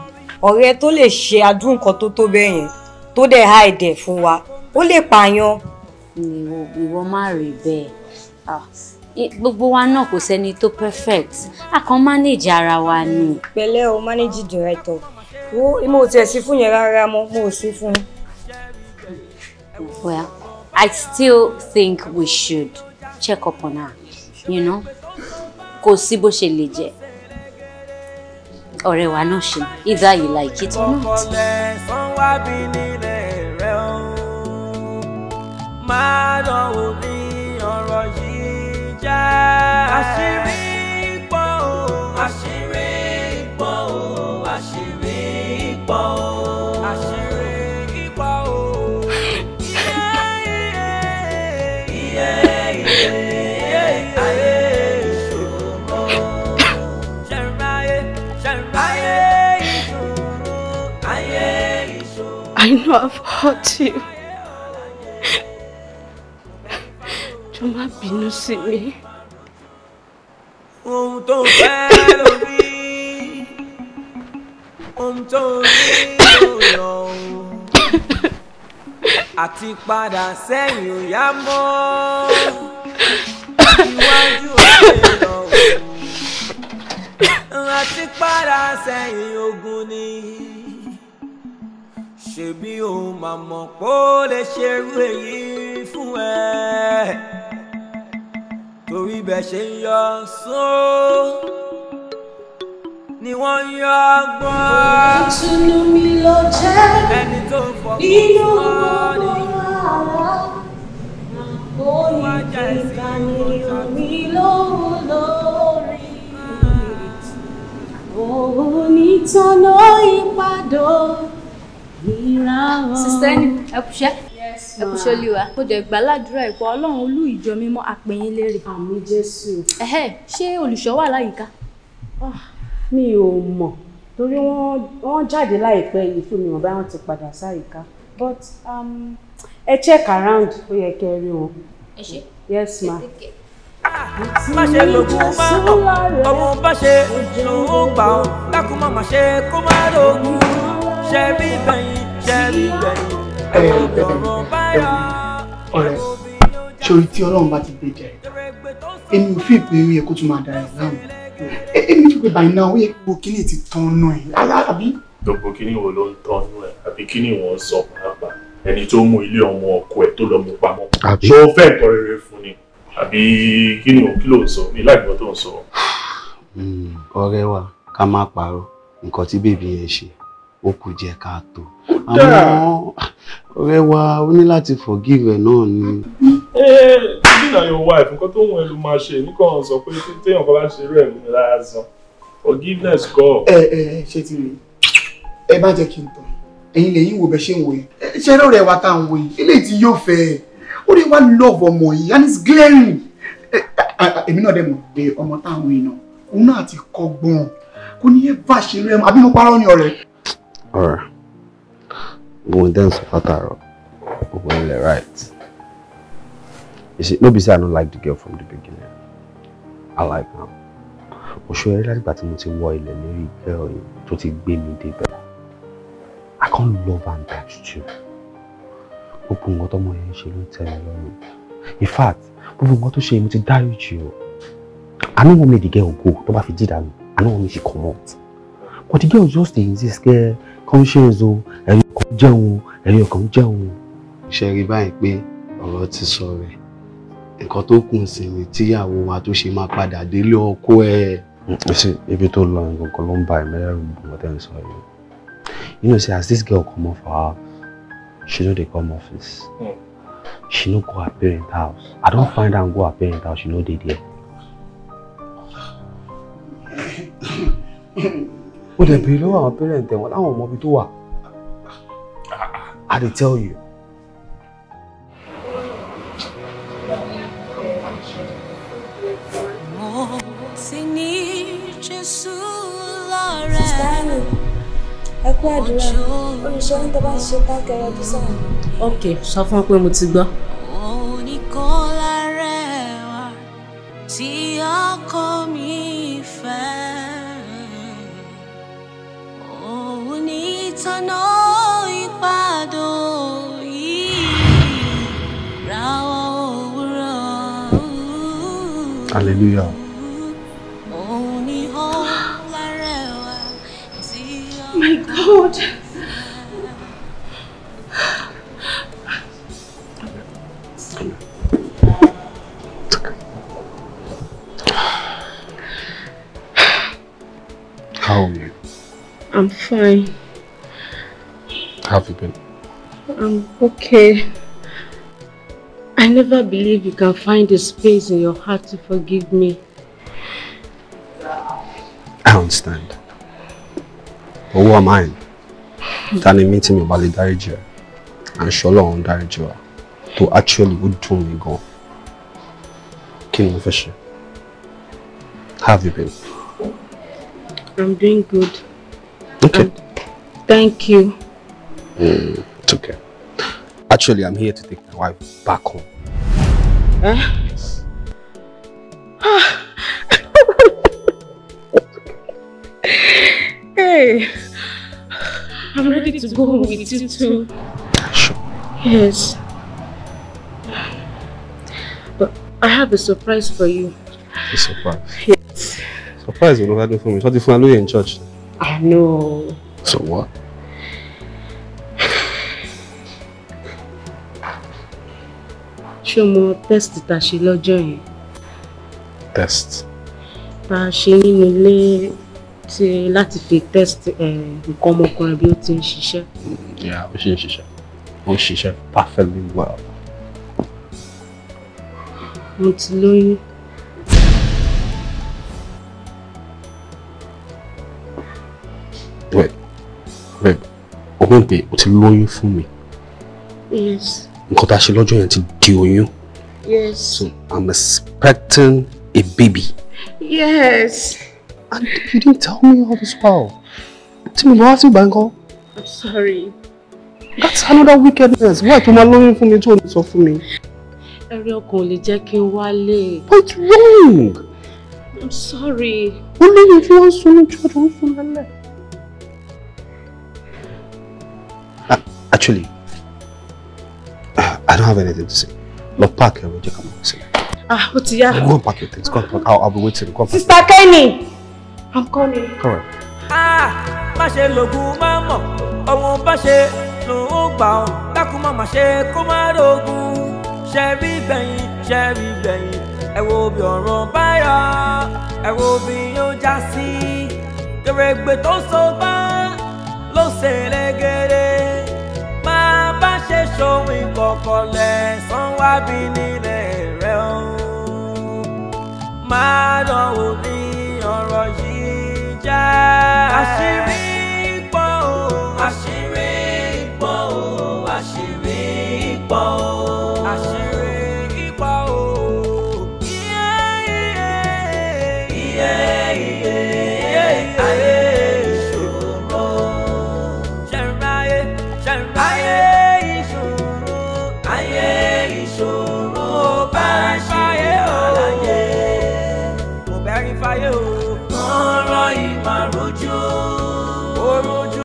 ọ̀rẹ́ tó lè ṣe adún nǹkan tó tó bẹ́ẹ̀ yẹn tó dẹ̀ há ẹ̀dẹ̀ fún wa ó lè pààyàn. ìwọ má rí bẹ́ẹ̀ ah, gbogbo wa náà kò sẹ́ni tó perfect a kàn manage ara wa ni. pẹ̀lẹ́ o manage director wo mo tiẹ̀ sí fún yẹn rárá mo ò sí fún. well I still think we should check up on her, you know? Kò sí bó ṣe lè jẹ́. Ọ̀rẹ́ wa náà ṣe, either you like it or not. Máa dánwò ní ọ̀rọ̀ yìí já. know I've hurt you. Jọ má bínú sí mi. Ohun tó ń fẹ́ ló rí. Ohun tó ń rí ló yọ òun. Àti padà sẹ́yìn ò yá mọ́. Iwájú ò lè lọ òun. sẹ́yìn ogun ni ṣebí o máa mọ̀ pé ó lè ṣerú èyí fún ẹ torí bẹ́ẹ̀ ṣe ń yọ só ni wọ́n ń yọ gbọ́. òun mi ló jẹ́ ẹni tó fọwọ́ nínú wàhálà àpòyí ìgbàniyàn mi lóhùn lórí òun ní tọ́nà ìpàdó ìràwọ̀. Sísẹ́ni, ẹ kúṣẹ́. Ẹ kúṣẹ́ olúwa. Mo dẹ̀ gbàládùra ìpọ̀ Ọlọ́run olú ìjọ mímọ́ àpèyìn lérè. Àmín Jésù. Ẹ̀hẹ́, ṣé olùṣọ́ wà láyìíká? Ah, mi ò mọ̀ torí wọ́n jáde láìpẹ́ yìí fún mi ọ̀bá wọn ti padà sáyìíká but um, ẹ check around ó yẹ kẹ́ rí wọn. Ẹ ṣe. Yes ma. Ah, má ṣe lògùn má ọmọ bá ṣe lòun gbà ọ́ dákun má má ṣe kó má lògùn ṣe bí ọ̀rẹ́ sori tí ọlọ́run bá ti gbé jẹ èmi ò fi ìpè yẹ kó tún máa dára láàmú èmi fi pé by now ó yẹ kó kíní ti tán nù ẹ àbí. gbogbo kíní wo ló ń tán nù ẹ àbí kíní wọn sọ pàápàá ẹni tó mú ilé ọmọ ọkọ ẹ tó lọ mú pamọ́ ṣó fẹ́ nǹkan rere fún ni àbí kíní òun kí ló ń sọ ní láìpẹ́ tó ń sọ. Hmm, ọ̀rẹ́ wa ká má parọ́ nǹkan tí bèbí yẹn ṣe ó kù jẹ́ ká tó àmọ́ ọ̀rẹ́ wa ó ní láti forgive ẹ̀ náà ni. bí náà yóò wá ìfúnkọ́ tó wọn ẹlú máa ṣe nìkan sọ pé téèyàn kan bá ṣe irú ẹ̀ ní lára san forgiveness kọ́. ẹ ẹ ṣe ti rí ẹ má jẹ́ kí n tàn ẹ̀yin lẹ́yìn wo bẹ ṣe ń wo ṣe ẹrọ rẹ wa tá à ń wo eléyìí tí yóò fẹ́ ẹ ó lè wá love ọmọ yìí and it's glaring èmi náà dẹ̀ mọ̀ pé ọmọ táwọn èèyàn òun náà ti kọ́gbọ́n kò ní yẹ bá ṣe rẹ àbí mo parọ́ ní ọ̀rẹ́. Or ọ̀rọ̀ gbogbo dem sọ látàárọ̀ gbogbo the right you see no be I don't like the girl from the beginning I like am oṣù ẹ̀rí látìgbà tí mo ti wọ the lérí girl yìí tó ti gbé mi I can't love and touch you gbogbo nǹkan tọmọ yẹn ṣe ló ń tẹ́ mi lọ́rùn in fact gbogbo nǹkan tó ṣe mo die with you. I no wan make the girl go Don't bá fi jí dànù I no wan make she out. but the girl just dey insist girl conscience o ẹ̀yin kan jẹun ẹ̀yin kan jẹun. ṣe rí báyìí pé ọ̀rọ̀ ti sọ rẹ̀ nǹkan tó kù sí ni tíyàwó wa tó ṣe máa padà délé ọkọ ẹ̀. ṣe ibi tó lọ nǹkan kan ló ń ba ìmẹ́lẹ́ rẹ̀ gbogbo ọ̀tẹ̀ ń sọ yìí you know say as this girl come off her she no dey come office hmm. she no go her parent house i don find am go her parent house she no dey there. ó dẹ̀ béèrè lọ́wọ́ àwọn parent ẹ̀ wọ́n láwọn ọmọ ibi tó i tell you. mo ti ní jésù lọ́rẹ́. sista mi ẹ kú àdúrà olùṣọ́ Hallelujah. My God. How are you? I'm fine. How have you been? I'm um, okay. I never believe you can find a space in your heart to forgive me. I understand. But who am I? Danny mi tí mi ò bá lè dáríjì ẹ́, à tó actually would dùn me go. King ni How have you been? I'm doing good. Okay. Um, thank you. Mm, it's okay. Actually, I'm here to take my wife back home. Yes. hey, I'm ready to go home with you too. Sure. Yes. But I have a surprise for you. A surprise? Yes. Surprise will never do for me. What if I in church? I know. So what? ṣé o mọ test tá a ṣe lọ́jọ́ yẹn. test. tá a ṣe nínú ilé tí láti fi test nǹkan ọmọkùnrin bí ó ti ń ṣiṣẹ́. yà ó ṣe ń ṣiṣẹ́ ó ń ṣiṣẹ́ perfectly well. mo ti lóyún. wait wait o mọ̀ pé o ti lóyún fún mi. yes nǹkan tá a ṣe lọ́jọ́ yẹn ti di oyún. yes. so i'm expecting a baby. yes. and you didn't tell me all this while. tí mo bá wá sí ìgbà nǹkan. i'm sorry. that's another wickedness why tó máa lóyún fún mi tó sọ fún mi. ẹ̀rí ọkàn ò lè jẹ́ kí n wálé. but wrong. i'm sorry. ó lóyún tí wọ́n ń sunú jọ́dún fún lálẹ́. Ah, actually I don't have anything to say. Lọ park ẹ̀rọ jẹ́ come mọ̀ Ah, ó ti yá. Go and pack your things. Go and pack. I'll, I'll be waiting. Go and pack. Sister Kenny, I'm calling. Come on. Ah, má ṣe lògùn má mọ̀, ọ̀wọ́n bá ṣe lòun ó gbà ọ́, dákun má má ṣe kó má rògùn. Ṣé rí gbẹ̀yìn, ṣé rí gbẹ̀yìn, ẹ wo bí ọ̀ràn báyọ̀, ẹ wo sóhun ìkọ̀kọ̀lẹ̀ sanwó-abí nílẹ̀ rẹ̀ o má dánwò ní ọ̀rọ̀ yìí já. àṣírí